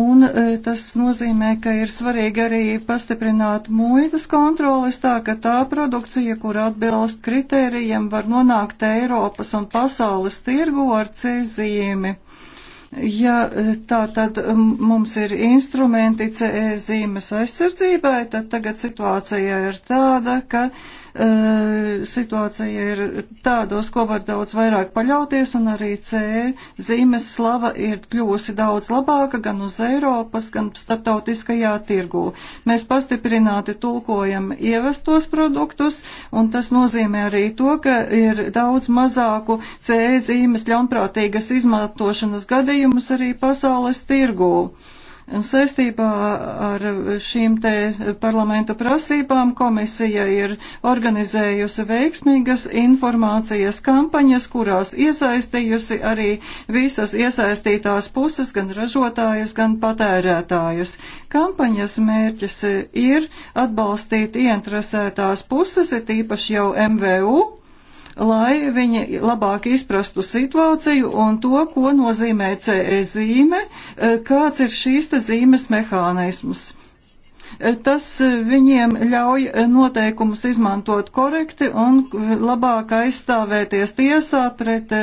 S3: Un e, tas nozīmē, ka ir svarīgi arī pastiprināt muitas kontrolis tā, ka tā produkcija, kur atbilst kritērijiem, var nonākt Eiropas un pasaules tirgu ar cezīmi. Ja e, tā tad mums ir instrumenti CE zīmes aizsardzībai, tad tagad situācija ir tāda, ka uh, situācija ir tādos, ko var daudz vairāk paļauties, un arī CE zīmes slava ir kļūsi daudz labāka gan uz Eiropas, gan starptautiskajā tirgū. Mēs pastiprināti tulkojam ievestos produktus, un tas nozīmē arī to, ka ir daudz mazāku CE zīmes ļaunprātīgas izmantošanas gadījumu darījumus arī pasaules tirgū. Saistībā ar šīm te parlamenta prasībām komisija ir organizējusi veiksmīgas informācijas kampaņas, kurās iesaistījusi arī visas iesaistītās puses, gan ražotājus, gan patērētājus. Kampaņas mērķis ir atbalstīt ieinteresētās puses, ir tīpaši jau MVU lai viņi labāk izprastu situāciju un to, ko nozīmē CE zīme, eh, kāds ir šīs te zīmes mehānisms. Eh, tas eh, viņiem ļauj noteikumus izmantot korekti un labāk aizstāvēties tiesā pret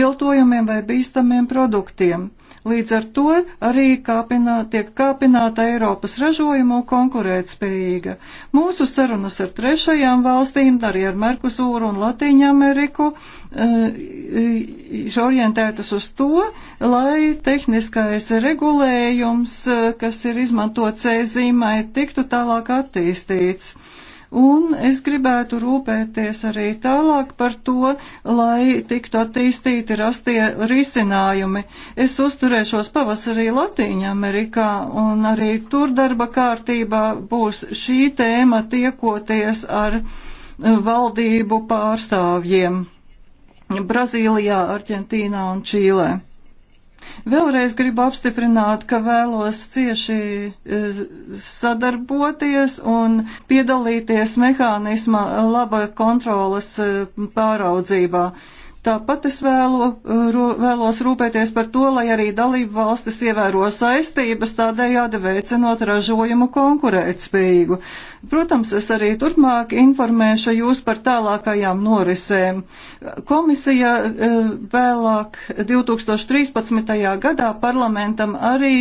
S3: viltojumiem vai bīstamiem produktiem. Līdz ar to arī kāpinā, tiek kāpināta Eiropas ražojumu konkurētspējīga. Mūsu sarunas ar trešajām valstīm, arī ar Merkusūru un Latīņu Ameriku, ir eh, orientētas uz to, lai tehniskais regulējums, eh, kas ir izmantots e-zīmai, tiktu tālāk attīstīts. Un es gribētu rūpēties arī tālāk par to, lai tiktu attīstīti rastie risinājumi. Es uzturēšos pavasarī Latīņa Amerikā, un arī tur darba kārtībā būs šī tēma tiekoties ar eh, valdību pārstāvjiem Brazīlijā, Argentīnā un Čīlē. Vēlreiz gribu apstiprināt, ka vēlos cieši e, sadarboties un piedalīties mehānisma laba kontrolas e, pāraudzībā. Tāpat es vēlo, uh, vēlos rūpēties par to, lai arī dalību valstis ievēro saistības, tādējādi veicinot ražojumu konkurētspējīgu. Protams, es arī turpmāk informēšu jūs par tālākajām norisēm. Komisija uh, vēlāk 2013. gadā parlamentam arī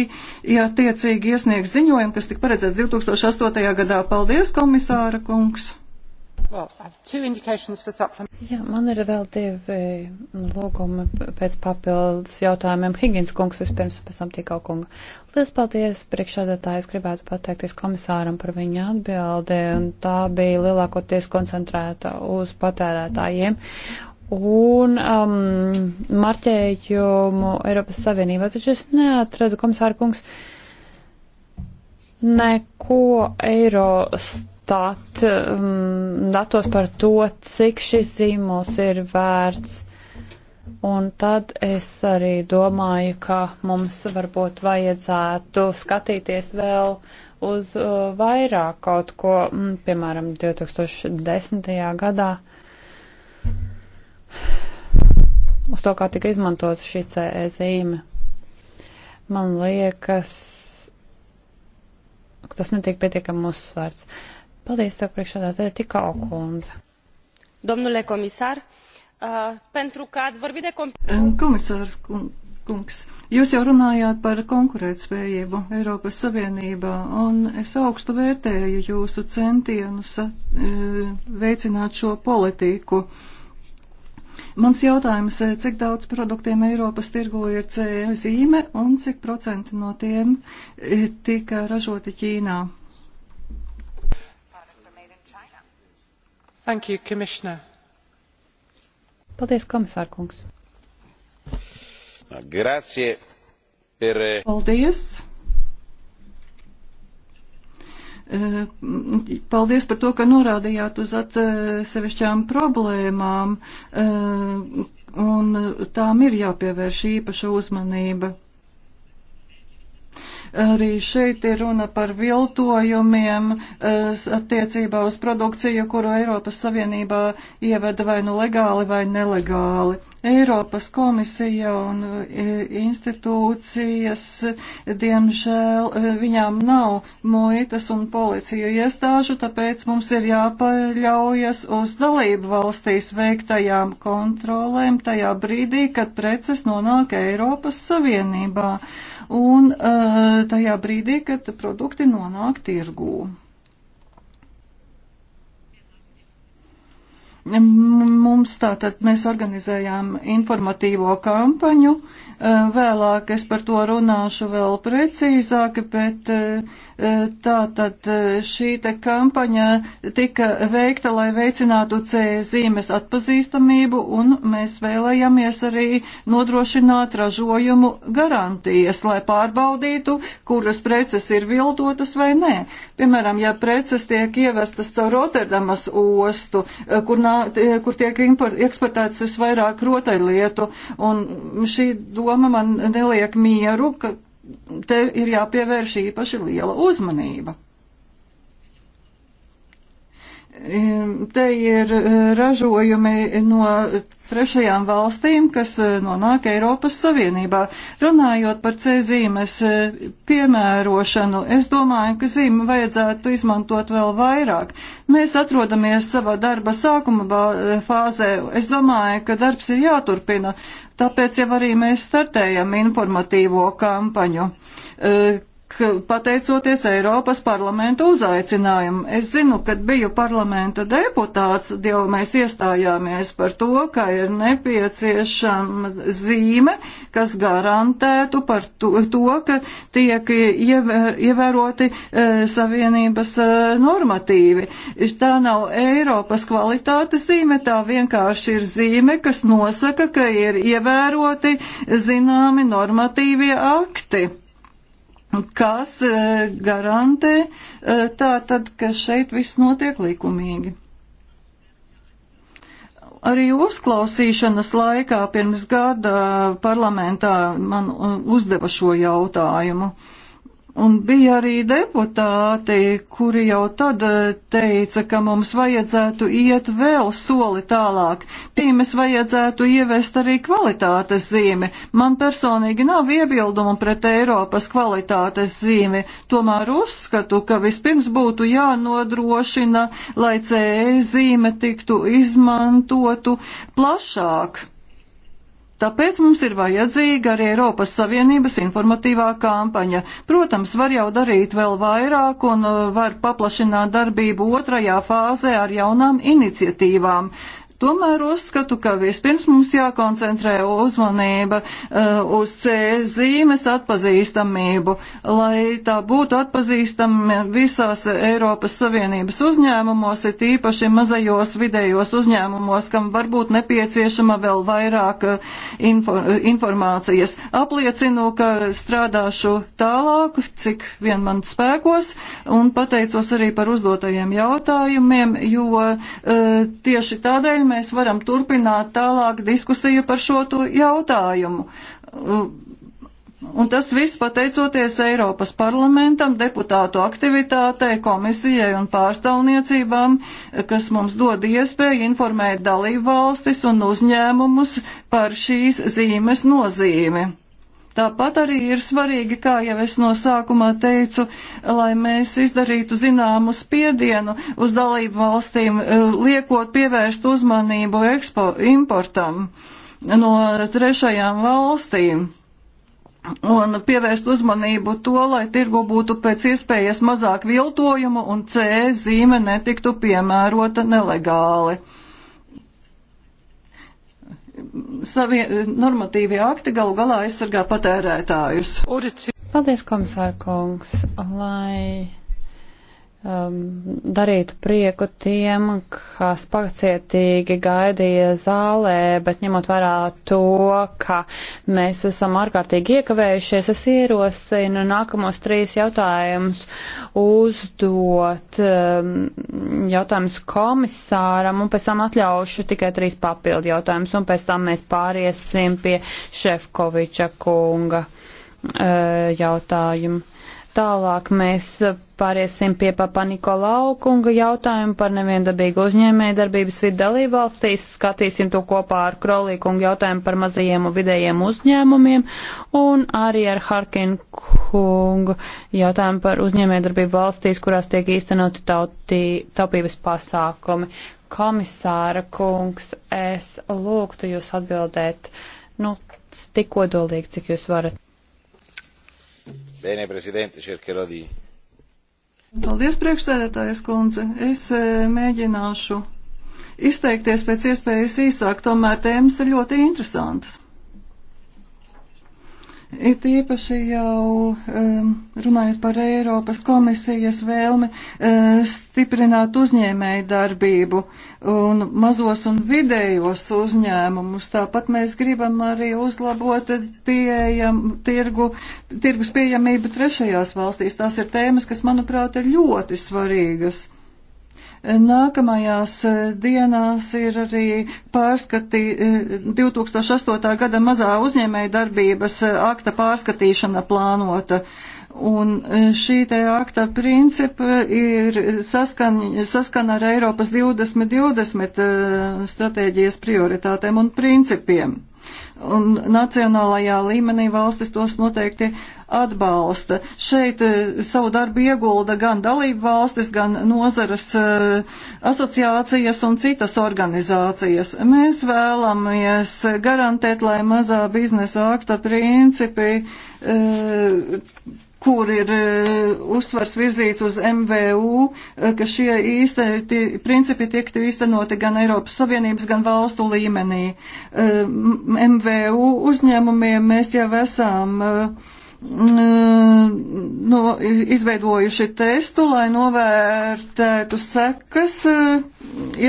S3: attiecīgi iesniegs ziņojumu, kas tika paredzēts 2008. gadā. Paldies, komisāra kungs! Well,
S1: Jā, man ir vēl divi mm, lūgumi pēc papildus jautājumiem. Higgins kungs vispirms un pēc tam tikau kunga. Lielas paldies, priekšādātāji, es gribētu pateikties komisāram par viņa atbildi, un tā bija lielākoties koncentrēta uz patērētājiem. Un um, marķējumu Eiropas Savienībā, taču es neatradu, komisāra kungs, neko Eiropas dati, um, datos par to, cik šis zīmols ir vērts. Un tad es arī domāju, ka mums varbūt vajadzētu skatīties vēl uz uh, vairāk kaut ko, mm, piemēram, 2010. gadā, uz to, kā tika izmantot šī CE zīme. Man liekas, tas netiek pietiekami uzsvērts. Uh, Paldies, tev priekšādātāja Tikau kundze.
S2: Domnule komisār, uh, pentru că ați vorbit de...
S1: Eh, komisārs
S3: kungs, jūs jau runājāt par konkurētspējību Eiropas Savienībā, un es augstu vērtēju jūsu centienus eh, veicināt šo politiku. Mans jautājums, eh, cik daudz produktiem Eiropas tirgo ir CM zīme un cik procenti no tiem tika ražoti Ķīnā?
S1: Thank you, Commissioner. Paldies, komisārkungs.
S2: Grazie per... Eh,
S1: paldies.
S3: Eh, paldies par to, ka norādījāt uz atsevišķām eh, problēmām, un tām ir jāpievērš īpaša uzmanība. Arī šeit ir runa par viltojumiem eh, attiecībā uz produkciju, kuru Eiropas Savienībā ieveda vai nu legāli vai nelegāli. Eiropas komisija un eh, institūcijas, diemžēl, eh, viņām nav muitas un policiju iestāžu, tāpēc mums ir jāpaļaujas uz dalību valstīs veiktajām kontrolēm tajā brīdī, kad preces nonāk Eiropas Savienībā. Uh, un eh, tajā brīdī, kad produkti nonāk tirgū. Mums tātad mēs organizējām informatīvo kampaņu. E, vēlāk es par to runāšu vēl precīzāk, bet e, tātad e, šī te kampaņa tika veikta, lai veicinātu C zīmes atpazīstamību un mēs vēlējāmies arī nodrošināt ražojumu garantijas, lai pārbaudītu, kuras preces ir viltotas vai nē. Piemēram, ja preces tiek ievestas caur Rotterdamas ostu, kur nāk tie, eh, kur tiek import, eksportēts visvairāk rotaļlietu. Un šī doma man neliek mieru, ka te ir jāpievērš īpaši liela uzmanība. Te ir eh, ražojumi no trešajām valstīm, kas eh, nonāk Eiropas Savienībā. Runājot par C zīmes eh, piemērošanu, es domāju, ka zīme vajadzētu izmantot vēl vairāk. Mēs atrodamies savā darba sākuma fāzē. Es domāju, ka darbs ir jāturpina, tāpēc jau arī mēs startējam informatīvo kampaņu pateicoties Eiropas parlamenta uzaicinājumu. Es zinu, kad biju parlamenta deputāts, jau mēs iestājāmies par to, ka ir nepieciešama zīme, kas garantētu par to, to ka tiek ievēroti e, savienības e, normatīvi. Tā nav Eiropas kvalitātes zīme, tā vienkārši ir zīme, kas nosaka, ka ir ievēroti zināmi normatīvie akti kas e, garantē e, tā tad, ka šeit viss notiek likumīgi arī uzklausīšanas laikā pirms gada parlamentā man e, uzdeva šo jautājumu. Un bija arī deputāti, kuri jau tad eh, teica, ka mums vajadzētu iet vēl soli tālāk. Tīmes vajadzētu ievest arī kvalitātes zīmi. Man personīgi nav iebildumu pret Eiropas kvalitātes zīmi. Tomēr uzskatu, ka vispirms būtu jānodrošina, lai CE zīme tiktu izmantotu plašāk Tāpēc mums ir vajadzīga arī Eiropas Savienības informatīvā kampaņa. Protams, var jau darīt vēl vairāk un uh, var paplašināt darbību otrajā fāzē ar jaunām iniciatīvām. Tomēr uzskatu, ka vispirms mums jākoncentrē uzmanība uh, uz C zīmes atpazīstamību, lai tā būtu atpazīstama visās Eiropas Savienības uzņēmumos, ir tīpaši mazajos vidējos uzņēmumos, kam varbūt nepieciešama vēl vairāk uh, info, informācijas. Apliecinu, ka strādāšu tālāk, cik vien man spēkos, un pateicos arī par uzdotajiem jautājumiem, jo uh, tieši tādēļ mēs varam turpināt tālāk diskusiju par šo jautājumu. Un tas viss pateicoties Eiropas parlamentam, deputātu aktivitātei, komisijai un pārstāvniecībām, kas mums dod iespēju informēt dalību valstis un uzņēmumus par šīs zīmes nozīmi. Tāpat arī ir svarīgi, kā jau es no sākumā teicu, lai mēs izdarītu zināmu spiedienu uz dalību valstīm, eh, liekot pievērst uzmanību ekspo, importam no trešajām valstīm un pievērst uzmanību to, lai tirgu būtu pēc iespējas mazāk viltojumu un C zīme netiktu piemērota nelegāli savie normatīvie akti galu galā aizsargā patērētājus.
S1: Paldies, komisāra kungs, lai um, darītu prieku tiem, kas pacietīgi gaidīja zālē, bet ņemot vērā to, ka mēs esam ārkārtīgi iekavējušies, es ierosinu nākamos trīs jautājumus uzdot um, jautājumus komisāram un pēc tam atļaušu tikai trīs papildu jautājumus un pēc tam mēs pāriesim pie Šefkoviča kunga uh, jautājumu. Tālāk mēs pāriesim pie Papa Nikolau kunga jautājumu par neviendabīgu uzņēmēju darbības vidu dalībvalstīs. Skatīsim to kopā ar Krolī kunga jautājumu par mazajiem un vidējiem uzņēmumiem un arī ar Harkin kungu jautājumu par uzņēmēju darbību valstīs, kurās tiek īstenoti tauti, taupības pasākumi. Komisāra kungs, es lūgtu jūs atbildēt, nu, tik kodolīgi, cik jūs varat.
S3: Bene, prezidente, cercherò di. Paldies, priekšsēdētājas kundze. Es e, mēģināšu izteikties pēc iespējas īsāk, tomēr tēmas ir ļoti interesantas. It īpaši jau um, runājot par Eiropas komisijas vēlmi uh, stiprināt uzņēmēju darbību un mazos un vidējos uzņēmumus. Tāpat mēs gribam arī uzlabot pieejam, tirgu, tirgus pieejamību trešajās valstīs. Tās ir tēmas, kas, manuprāt, ir ļoti svarīgas. Nākamajās eh, dienās ir arī pārskati 2008. Eh, gada mazā uzņēmēja darbības eh, akta pārskatīšana plānota. Un šī te akta principa ir saskana saskan ar Eiropas 2020 stratēģijas prioritātēm un principiem. Un nacionālajā līmenī valstis tos noteikti atbalsta. Šeit e, savu darbu iegulda gan dalību valstis, gan nozaras e, asociācijas un citas organizācijas. Mēs vēlamies garantēt, lai mazā biznesa akta principi e, kur ir eh, uzsvars virzīts uz MVU, eh, ka šie īsti principi tiktu īstenoti gan Eiropas Savienības, gan valstu līmenī. Eh, MVU uzņēmumiem mēs jau esam mm, no, izveidojuši testu, lai novērtētu sekas,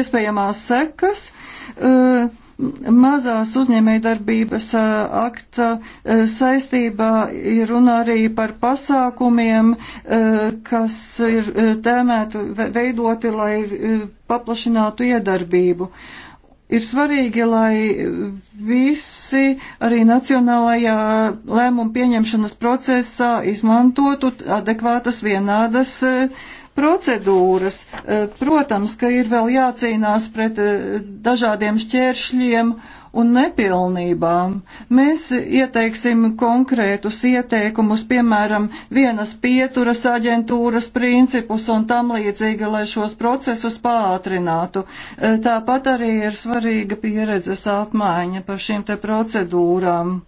S3: iespējamās sekas. Uh, Mazās uzņēmējdarbības akta saistībā ir runa arī par pasākumiem, kas ir tēmēti, veidoti, lai paplašinātu iedarbību ir svarīgi, lai visi arī nacionālajā lēmumu pieņemšanas procesā izmantotu adekvātas vienādas procedūras. Eh, protams, ka ir vēl jācīnās pret eh, dažādiem šķēršļiem un nepilnībām. Mēs ieteiksim konkrētus ieteikumus, piemēram, vienas pieturas aģentūras principus un tam līdzīgi, lai šos procesus pātrinātu. Eh, tāpat arī ir svarīga pieredzes apmaiņa par šīm te procedūrām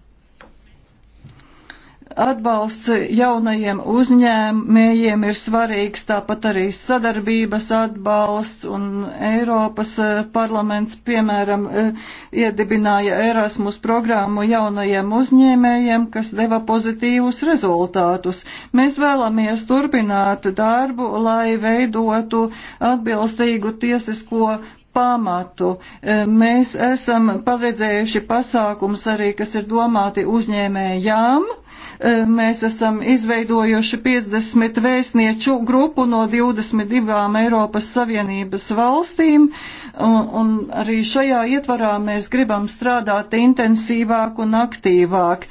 S3: atbalsts jaunajiem uzņēmējiem ir svarīgs, tāpat arī sadarbības atbalsts un Eiropas eh, parlaments, piemēram, eh, iedibināja Erasmus programmu jaunajiem uzņēmējiem, kas deva pozitīvus rezultātus. Mēs vēlamies turpināt darbu, lai veidotu atbilstīgu tiesisko pamatu. E, mēs esam paredzējuši pasākums arī, kas ir domāti uzņēmējām. E, mēs esam izveidojuši 50 vēstnieču grupu no 22 Eiropas Savienības valstīm, un, un arī šajā ietvarā mēs gribam strādāt intensīvāk un aktīvāk.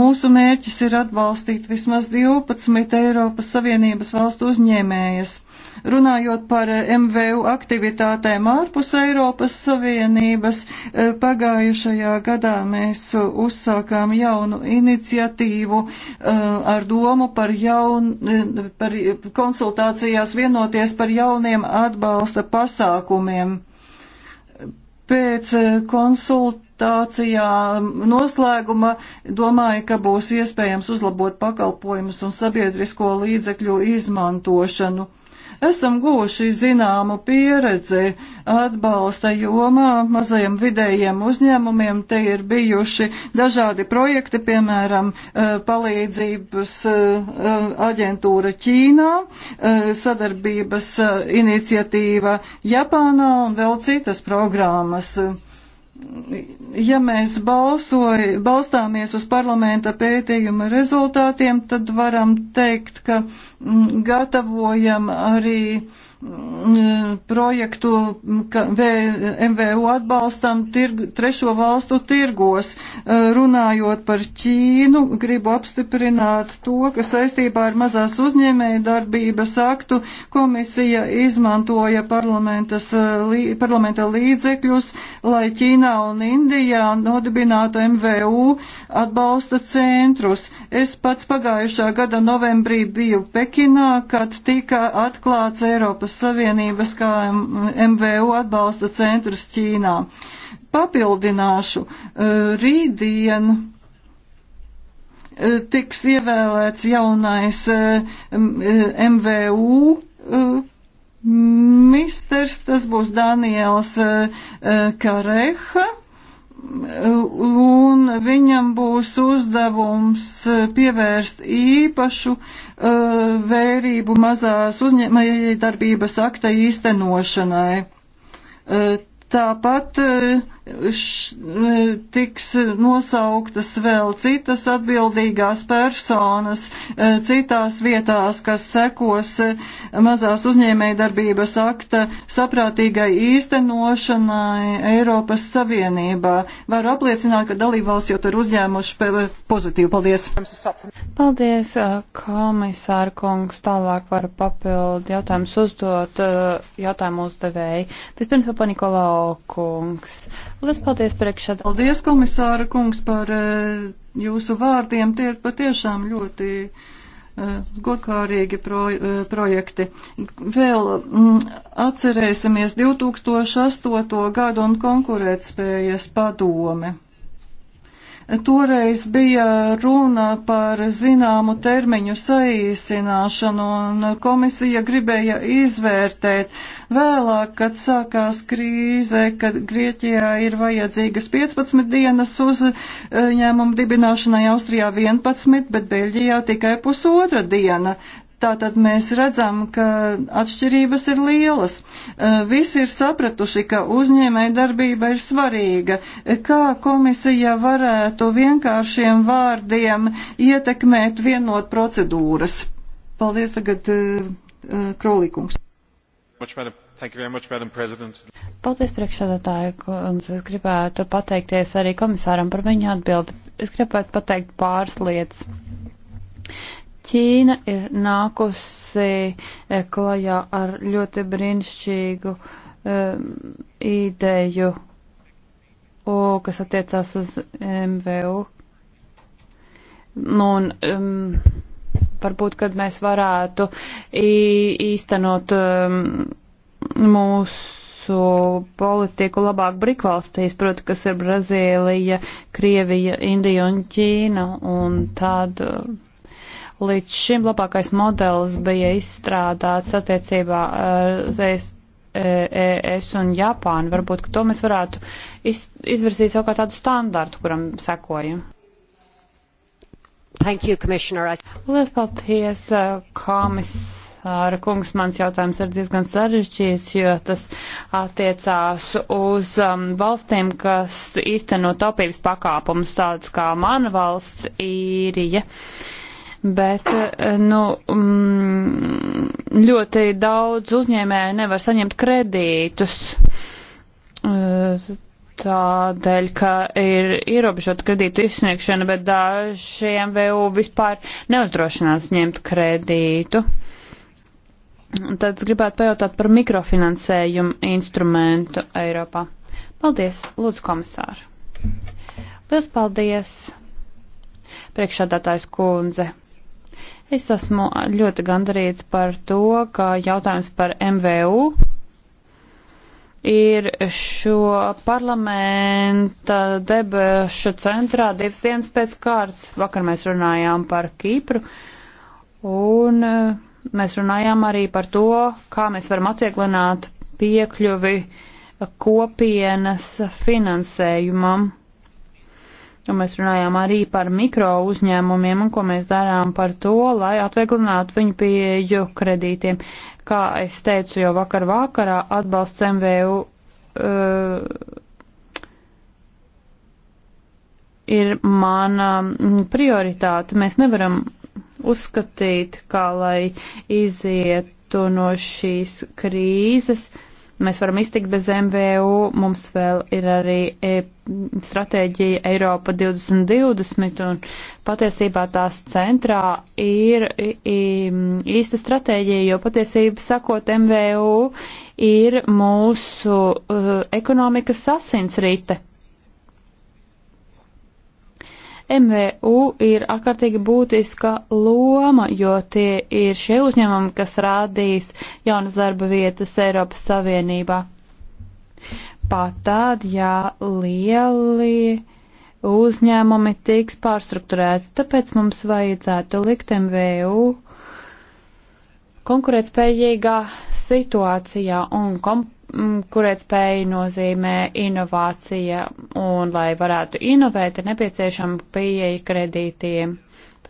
S3: Mūsu mērķis ir atbalstīt vismaz 12 Eiropas Savienības valstu uzņēmējas. Runājot par eh, MVU aktivitātēm ārpus Eiropas Savienības, eh, pagājušajā gadā mēs uzsākām jaunu iniciatīvu eh, ar domu par, jaun, par konsultācijās vienoties par jauniem atbalsta pasākumiem. Pēc konsultācijas prezentācijā noslēguma domāju, ka būs iespējams uzlabot pakalpojumus un sabiedrisko līdzekļu izmantošanu. Esam guvuši zināmu pieredzi atbalsta jomā mazajiem vidējiem uzņēmumiem. Te ir bijuši dažādi projekti, piemēram, eh, palīdzības eh, eh, aģentūra Ķīnā, sadarbības iniciatīva Japānā un vēl citas programmas ja mēs balsoj, balstāmies uz parlamenta pētījuma rezultātiem, tad varam teikt, ka mm, gatavojam arī uh, Mm, projektu MVU atbalstam tirgu, trešo valstu tirgos. Eh, runājot par Ķīnu, gribu apstiprināt to, ka saistībā ar mazās uzņēmēju darbības aktu komisija izmantoja eh, parlamenta līdzekļus, lai Ķīnā un Indijā nodibinātu MVU atbalsta centrus. Es pats pagājušā gada novembrī biju Pekinā, kad tika atklāts Eiropas Eiropas Savienības kā MVU atbalsta centrus Ķīnā. Papildināšu, e, rītdien e, tiks ievēlēts jaunais e, MVU misters, tas būs Daniels Kareha un viņam būs uzdevums pievērst īpašu uh, vērību mazās uzņēmējdarbības akta īstenošanai. Uh, tāpat uh, š, tiks nosauktas vēl citas atbildīgās personas e, citās vietās, kas sekos e, mazās uzņēmējdarbības akta saprātīgai īstenošanai Eiropas Savienībā. Varu apliecināt, ka dalībvalsts jau tur uzņēmuši pozitīvu.
S2: Paldies!
S1: Paldies, e, komisāra kungs. Tālāk var papildu jautājumus uzdot jautājumu uzdevēji. Vispirms, Papa Nikolau kungs. Lielas paldies priekšādā. Paldies, komisāra kungs, par eh, jūsu vārdiem.
S3: Tie ir patiešām ļoti eh, godkārīgi pro, eh, projekti. Vēl mm, atcerēsimies 2008. gadu un konkurētspējas padome. Toreiz bija runa par zināmu termiņu saīsināšanu, un komisija gribēja izvērtēt. Vēlāk, kad sākās krīze, kad Grieķijā ir vajadzīgas 15 dienas uzņēmumu eh, dibināšanai, Austrijā 11, bet Beļģijā tikai pusotra diena. Tātad mēs redzam, ka atšķirības ir lielas. E, visi ir sapratuši, ka uzņēmēja darbība ir svarīga. E, kā komisija varētu vienkāršiem vārdiem ietekmēt vienot procedūras? Paldies tagad, e, Krolīkungs. Much, madam. Much,
S1: Paldies priekšsēdētāju, un es gribētu pateikties arī komisāram par viņa atbildi. Es gribētu pateikt pāris lietas. Ķīna ir nākusi e, klajā ar ļoti brīnišķīgu um, ideju, o, kas attiecās uz MVU. Nu, un, um, varbūt, kad mēs varētu īstenot um, mūsu politiku labāk brikvalstīs, proti, kas ir Brazīlija, Krievija, Indija un Ķīna, un tāda. Um, Līdz šim labākais modelis bija izstrādāts attiecībā uz eh, eh, ES un Japānu. Varbūt, ka to mēs varētu iz, izvirzīt jau kā tādu standartu, kuram sekojam. Thank you, Commissioner. Lielas paldies, eh, komisāra kungs. Mans jautājums ir diezgan sarežģīts, jo tas attiecās uz um, valstīm, kas īsteno taupības pakāpumus, tādas kā mana valsts īrija. Ja bet eh, nu, mm, ļoti daudz uzņēmēju nevar saņemt kredītus eh, tādēļ, ka ir ierobežota kredītu izsniegšana, bet dažiem VU vispār neuzdrošinās ņemt kredītu. Tad es gribētu pajautāt par mikrofinansējumu instrumentu Eiropā. Paldies, lūdzu, komisāri. Liels paldies, priekšādātājs kundze. Es esmu ļoti gandarīts par to, ka jautājums par MVU ir šo parlamenta debešu centrā divas dienas pēc kārtas. Vakar mēs runājām par Kipru un eh, mēs runājām arī par to, kā mēs varam atvieglināt piekļuvi kopienas finansējumam. Un mēs runājām arī par mikro uzņēmumiem un ko mēs darām par to, lai atvieglinātu viņu pieeju kredītiem. Kā es teicu jau vakar vakarā, atbalsts MVU uh, eh, ir mana mm, prioritāte. Mēs nevaram uzskatīt, kā lai izietu no šīs krīzes. Uh, mēs varam iztikt bez MVU. Mums vēl ir arī e stratēģija Eiropa 2020, un patiesībā tās centrā ir īsta stratēģija, jo patiesība sakot MVU ir mūsu uh, ekonomikas sasinsrīte. MVU ir ārkārtīgi būtiska loma, jo tie ir šie uzņēmumi, kas rādīs jaunas darba vietas Eiropas Savienībā. Pat tad, ja lieli uzņēmumi tiks pārstruktūrēti, tāpēc mums vajadzētu likt MVU konkurētspējīgā situācijā un komp Mm, kurētspēja nozīmē inovācija, un lai varētu inovēt, ir nepieciešama pieeja kredītiem.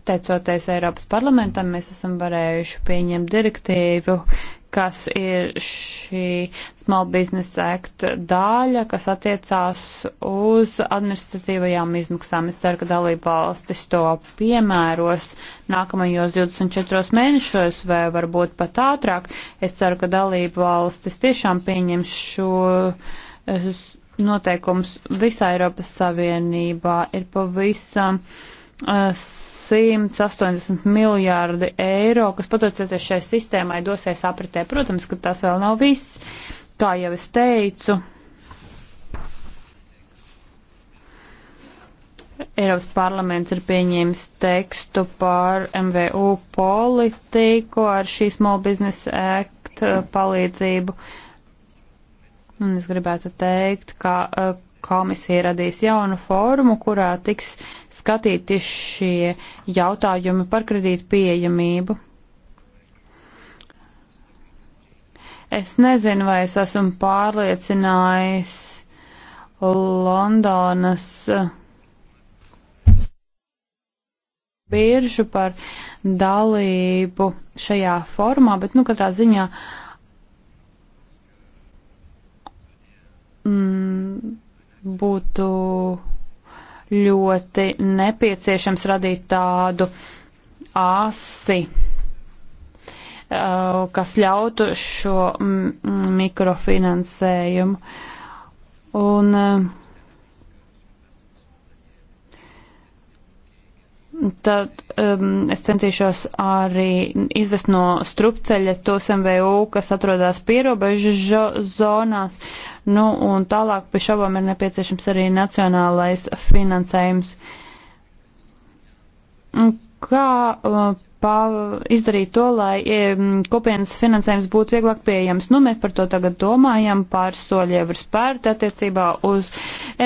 S1: Pateicoties Eiropas parlamentam, mēs esam varējuši pieņemt direktīvu, kas ir šī Small Business Act daļa, kas attiecās uz administratīvajām izmaksām. Es ceru, ka dalība valstis to piemēros nākamajos 24 mēnešos vai varbūt pat ātrāk. Es ceru, ka dalība valstis tiešām pieņems šo eh, noteikums visā Eiropas Savienībā. Ir pavisam. Uh, 180 miljārdi eiro, kas pateicoties šai sistēmai dosies apritē. Protams, ka tas vēl nav viss, kā jau es teicu. Eiropas parlaments ir pieņēmis tekstu par MVU politiku ar šī Small Business Act uh, palīdzību. Un es gribētu teikt, ka uh, komisija radīs jaunu formu, kurā tiks uh, skatīti šie jautājumi par kredītu pieejamību. Es nezinu, vai es esmu pārliecinājis Londonas uh, biržu par dalību šajā formā, bet, nu, katrā ziņā mm, būtu ļoti nepieciešams radīt tādu asi, uh, kas ļautu šo mikrofinansējumu. Un uh, tad um, es centīšos arī izvest no strupceļa tos MVU, kas atrodas pierobežu zonās, uh, Nu, un tālāk pie šobām ir nepieciešams arī nacionālais finansējums. Kā uh, pā, izdarīt to, lai kopienas finansējums būtu vieglāk pieejams? Nu, mēs par to tagad domājam, pāris soļi jau ir spērti attiecībā uz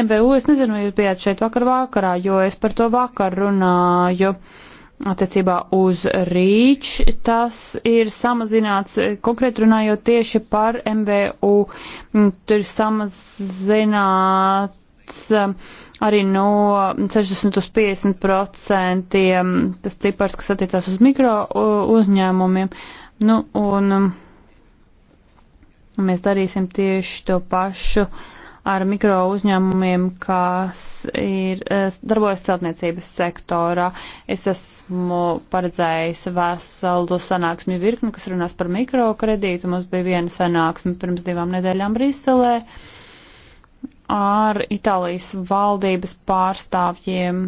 S1: MBU. Es nezinu, vai jūs bijāt šeit vakar vakarā, jo es par to vakar runāju. Uh, Attiecībā uz rīč tas ir samazināts, konkrēt runājot tieši par MVU, mm, tur ir samazināts mm, arī no 60 uz 50 procentiem tas cipars, kas attiecās uz mikro uzņēmumiem. Nu, un mm, mēs darīsim tieši to pašu. Uh, ar mikro uzņēmumiem, kas ir, eh, darbojas celtniecības sektorā. Es esmu paredzējis veselu sanāksmi virkni, kas runās par mikrokredītu. Mums bija viena sanāksme pirms divām nedēļām Briselē ar Itālijas valdības pārstāvjiem.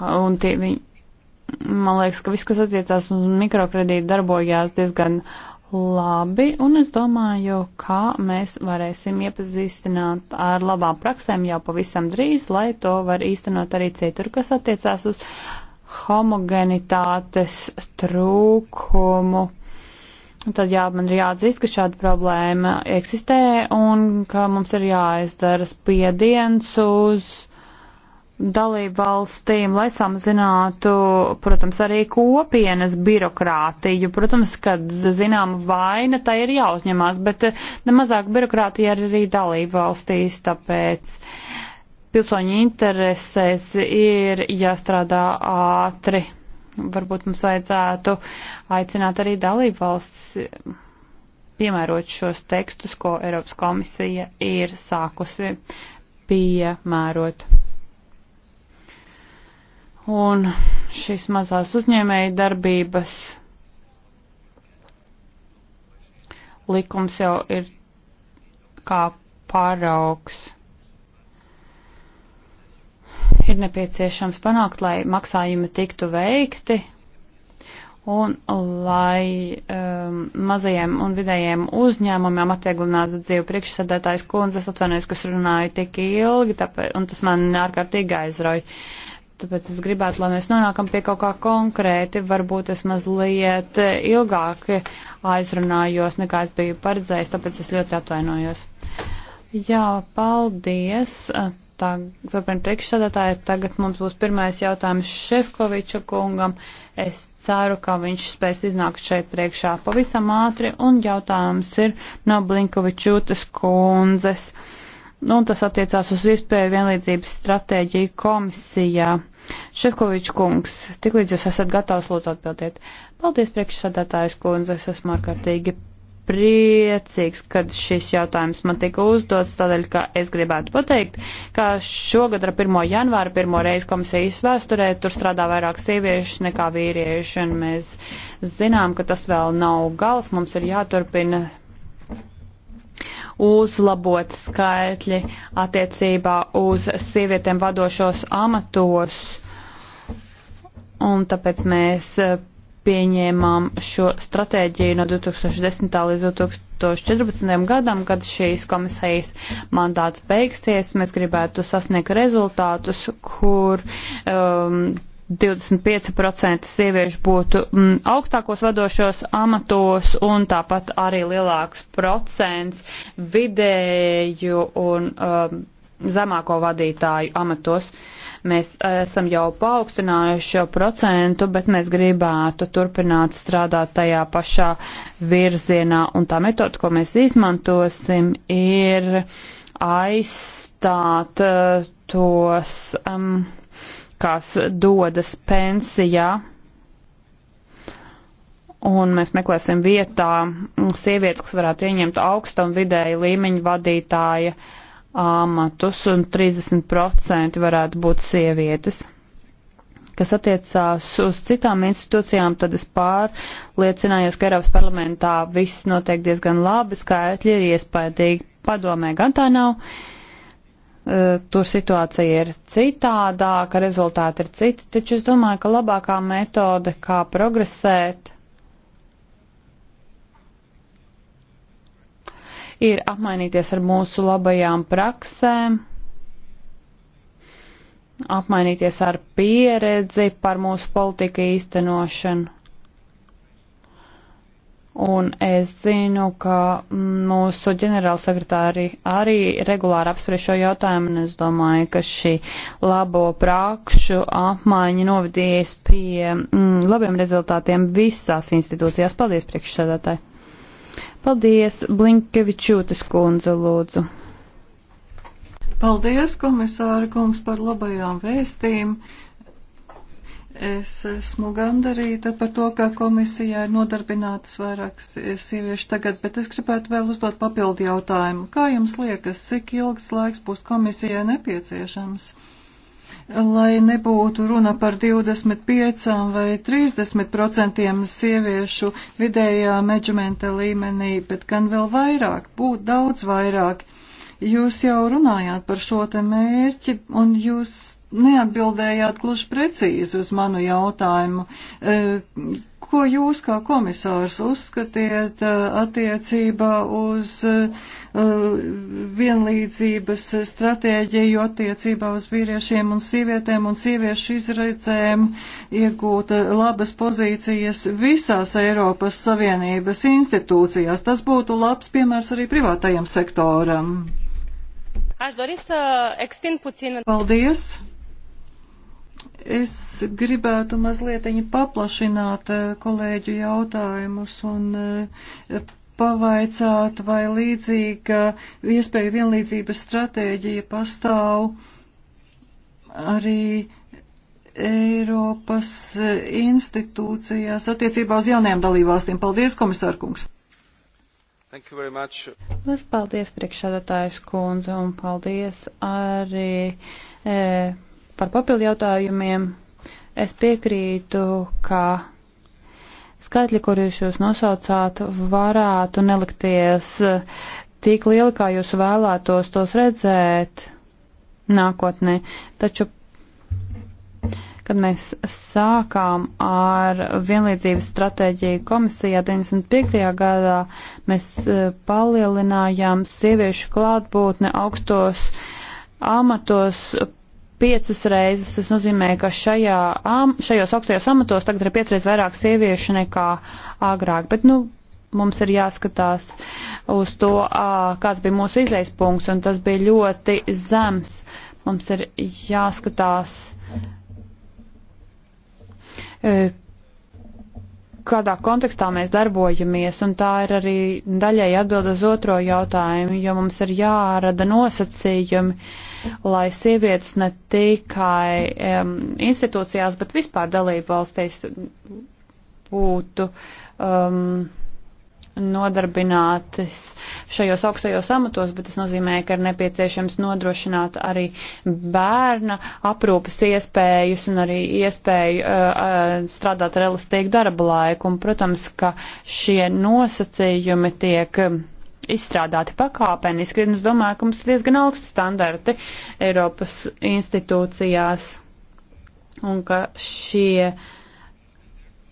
S1: Un tie, viņi, man liekas, ka viss, kas attiecās uz mikrokredītu, darbojās diezgan uh, labi, un es domāju, kā mēs varēsim iepazīstināt ar labām praksēm jau pavisam drīz, lai to var īstenot arī citur, kas attiecās uz homogenitātes trūkumu. Tad jā, man ir jāatzīst, ka šāda problēma eksistē un ka mums ir jāizdara spiediens uz dalību valstīm, lai samazinātu, protams, arī kopienas birokrātiju. Protams, kad zinām vaina, tā ir jāuzņemās, bet eh, nemazāk birokrātija ir arī dalību valstīs, tāpēc pilsoņu interesēs ir jāstrādā ātri. Varbūt mums vajadzētu aicināt arī dalību valsts piemērot šos tekstus, ko Eiropas komisija ir sākusi piemērot un šīs mazās uzņēmēja darbības likums jau ir kā pāraugs. Ir nepieciešams panākt, lai maksājumi tiktu veikti un lai um, mazajiem un vidējiem uzņēmumiem atvieglinātu dzīvi priekšsēdētājs kundzes atvainojas, kas runāja tik ilgi, tāpēc, un tas man ārkārtīgi aizrauja. Uh, Tāpēc es gribētu, lai mēs nonākam pie kaut kā konkrēti, varbūt es mazliet eh, ilgāk aizrunājos, nekā es biju paredzējis, tāpēc es ļoti atvainojos. Jā, paldies. Eh, Tā, turpin priekšsādātāja, tagad mums būs pirmais jautājums Šefkoviča kungam. Es ceru, ka viņš spēs iznākt šeit priekšā pavisam ātri, un jautājums ir no Blinkovičūtas kundzes. Uh, Nu, un tas attiecās uz vispēju vienlīdzības stratēģiju komisijā. Šefkovičs kungs, tik līdz jūs esat gatavs, lūdzu atbildiet. Paldies, priekšsādātājs kundze, es esmu ārkārtīgi priecīgs, kad šis jautājums man tika uzdots, tādēļ, ka es gribētu pateikt, ka šogad ar 1. janvāru pirmo reizi komisijas vēsturē tur strādā vairāk sieviešu nekā vīriešu, un mēs zinām, ka tas vēl nav gals, mums ir jāturpina uzlabot skaitļi attiecībā uz sievietēm vadošos amatos. Un tāpēc mēs e, pieņēmām šo stratēģiju no 2010. līdz 2014. gadam, kad šīs komisijas mandāts beigsies. Mēs gribētu sasniegt rezultātus, kur um, 25% sieviešu būtu mm, augstākos vadošos amatos un tāpat arī lielāks procents vidēju un um, zemāko vadītāju amatos. Mēs esam jau paaugstinājuši šo procentu, bet mēs gribētu turpināt strādāt tajā pašā virzienā. Un tā metoda, ko mēs izmantosim, ir aizstāt uh, tos. Um, kas dodas pensijā. Un mēs meklēsim vietā sievietes, kas varētu ieņemt augsta un vidēja līmeņa vadītāja amatus, un 30% varētu būt sievietes kas attiecās uz citām institūcijām, tad es pārliecinājos, ka Eiropas parlamentā viss notiek diezgan labi, skaitļi ir iespaidīgi. Padomē gan tā nav, Eh, tur situācija ir citādāka, rezultāti ir citi, taču es domāju, ka labākā metode, kā progresēt, ir apmainīties ar mūsu labajām praksēm, apmainīties ar pieredzi par mūsu politiku īstenošanu. Un es zinu, ka mūsu ģenerālsekretāri arī regulāri apsver šo jautājumu, un es domāju, ka šī labo prākšu apmaiņa novadījies pie mm, labiem rezultātiem visās institūcijās. Paldies, priekšsēdētāji! Paldies, Blinkevičūtas kundze, lūdzu!
S3: Paldies, komisāra kungs, par labajām vēstīm! Es esmu gandarīta par to, ka komisijā ir nodarbinātas vairākas sieviešu tagad, bet es gribētu vēl uzdot papildu jautājumu. Kā jums liekas, cik ilgs laiks būs komisijai nepieciešams? Lai nebūtu runa par 25 vai 30 procentiem sieviešu vidējā menedžmenta līmenī, bet gan vēl vairāk, būtu daudz vairāk. Uh, Jūs jau runājāt par šo te mērķi, un jūs neatbildējāt gluži precīzi uz manu jautājumu. E, ko jūs kā komisārs uzskatiet e, attiecībā uz e, vienlīdzības stratēģiju attiecībā uz vīriešiem un sievietēm un sieviešu izredzēm iegūt labas pozīcijas visās Eiropas Savienības institūcijās? Tas būtu labs piemērs arī privātajam sektoram.
S2: Aș dori să extind puțin.
S3: Paldies! Es gribētu mazliet paplašināt eh, kolēģu jautājumus un eh, pavaicāt, vai līdzīga iespēja vienlīdzības stratēģija pastāv arī Eiropas eh, institūcijās attiecībā uz jaunajām dalībvalstīm. Paldies, komisārkungs!
S2: Lielas
S1: paldies priekšsādātājs kundze un paldies arī e, par papildu jautājumiem. Es piekrītu, ka skaitļi, kurus jūs nosaucāt, varētu nelikties e, tik lieli, kā jūs vēlētos tos redzēt nākotnē, taču Kad mēs sākām ar vienlīdzības stratēģiju komisijā 95. gadā, mēs e, palielinājām sieviešu klātbūtni augstos amatos piecas reizes. Tas nozīmē, ka šajā, šajos augstajos amatos tagad ir piecas reizes vairāk sieviešu nekā agrāk. Bet, nu, mums ir jāskatās uz to, kāds bija mūsu izējas punkts, un tas bija ļoti zems. Mums ir jāskatās E, kādā kontekstā mēs darbojamies, un tā ir arī daļai atbild uz otro jautājumu, jo mums ir jārada nosacījumi, lai sievietes ne tikai um, institūcijās, bet vispār dalību valstīs būtu. Um, nodarbinātas šajos augstajos amatos, bet tas nozīmē, ka ir nepieciešams nodrošināt arī bērna aprūpas iespējas un arī iespēju uh, uh, strādāt ar elastīgu darba laiku. Un, protams, ka šie nosacījumi tiek um, izstrādāti pakāpeniski, un es domāju, ka mums ir diezgan augsti standarti Eiropas institūcijās, un ka šie uh,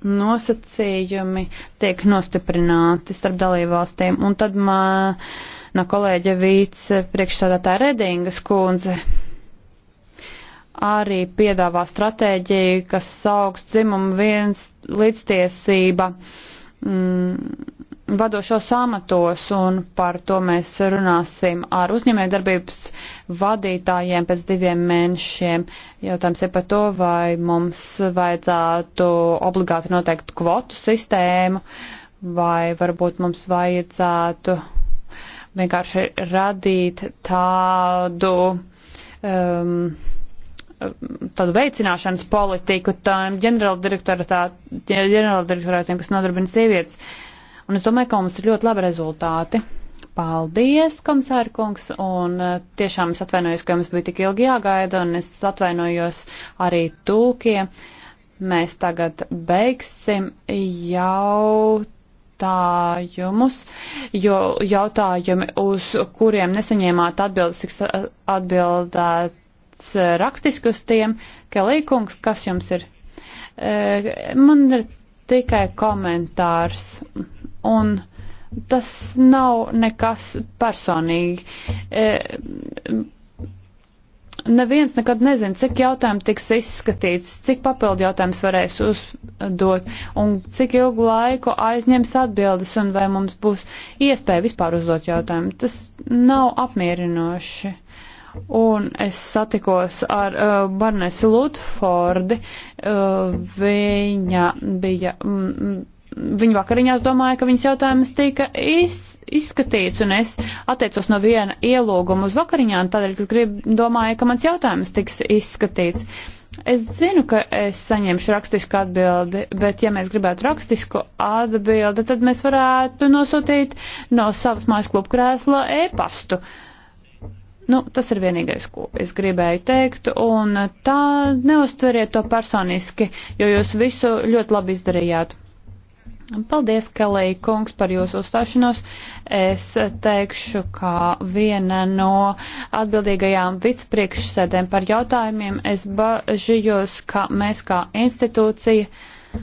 S1: nosacījumi tiek nostiprināti starp dalībvalstīm. Un tad mana kolēģa Vīts priekšstādātāja Redingas kundze arī piedāvā stratēģiju, kas saugs dzimumu viens līdztiesība. Mm, vadošos amatos, un par to mēs runāsim ar uzņēmējdarbības vadītājiem pēc diviem mēnešiem. Jautājums ir par to, vai mums vajadzētu obligāti noteikt kvotu sistēmu, vai varbūt mums vajadzētu vienkārši radīt tādu. Um, tādu veicināšanas politiku tām ģenerāldirektorātiem, kas nodarbina sievietes. Uh, Un es domāju, ka mums ir ļoti labi rezultāti. Paldies, komisāra kungs, un eh, tiešām es atvainojos, ka jums bija tik ilgi jāgaida, un es atvainojos arī tulkiem. Mēs tagad beigsim jautājumus, jo jautājumi, uz kuriem nesaņēmāt atbildes, tiks eh, atbildēts eh, rakstiski uz tiem. Kelī kungs, kas jums ir? Man ir tikai komentārs un tas nav nekas personīgi. E, neviens nekad nezina, cik jautājumu tiks izskatīts, cik papildu jautājums varēs uzdot un cik ilgu laiku aizņems atbildes un vai mums būs iespēja vispār uzdot jautājumu. Tas nav apmierinoši. Un es satikos ar uh, e, Barnesu Lutfordi. Uh, viņa bija. Mm, Viņa vakariņās domāja, ka viņas jautājums tika iz, izskatīts, un es atteicos no viena ielūguma uz vakariņām, tādēļ, ka es grib, domāju, ka mans jautājums tiks izskatīts. Es zinu, ka es saņemšu rakstisku atbildi, bet ja mēs gribētu rakstisku atbildi, tad mēs varētu nosūtīt no savas mājas klubu krēsla e-pastu. Nu, tas ir vienīgais, ko es gribēju teikt, un tā neustveriet to personiski, jo jūs visu ļoti labi izdarījāt. Paldies, Kalija kungs, par jūsu uzstāšanos. Es teikšu, ka viena no atbildīgajām vicepriekšsēdēm par jautājumiem es bažījos, ka mēs kā institūcija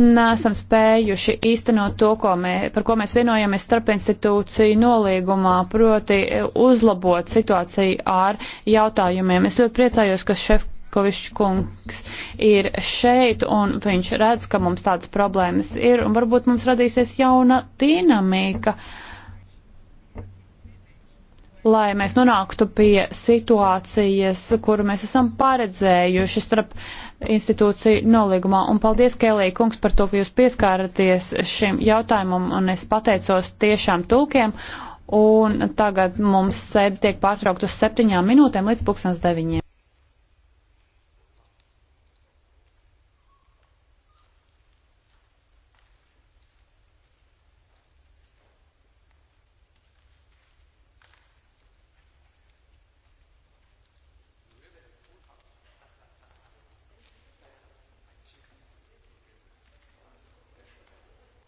S1: nesam spējuši īstenot to, ko mē, par ko mēs vienojamies starp institūciju nolīgumā, proti uzlabot situāciju ar jautājumiem. Es ļoti priecājos, ka šef Šefkovičs kungs ir šeit un viņš redz, ka mums tādas problēmas ir un varbūt mums radīsies jauna dinamika, lai mēs nonāktu pie situācijas, kuru mēs esam paredzējuši starp institūciju nolīgumā. Un paldies, Kēlī, kungs, par to, ka jūs pieskāraties šim jautājumam un es pateicos tiešām tulkiem un tagad mums sēde tiek pārtraukta uz septiņām minūtēm līdz pulkstens deviņiem.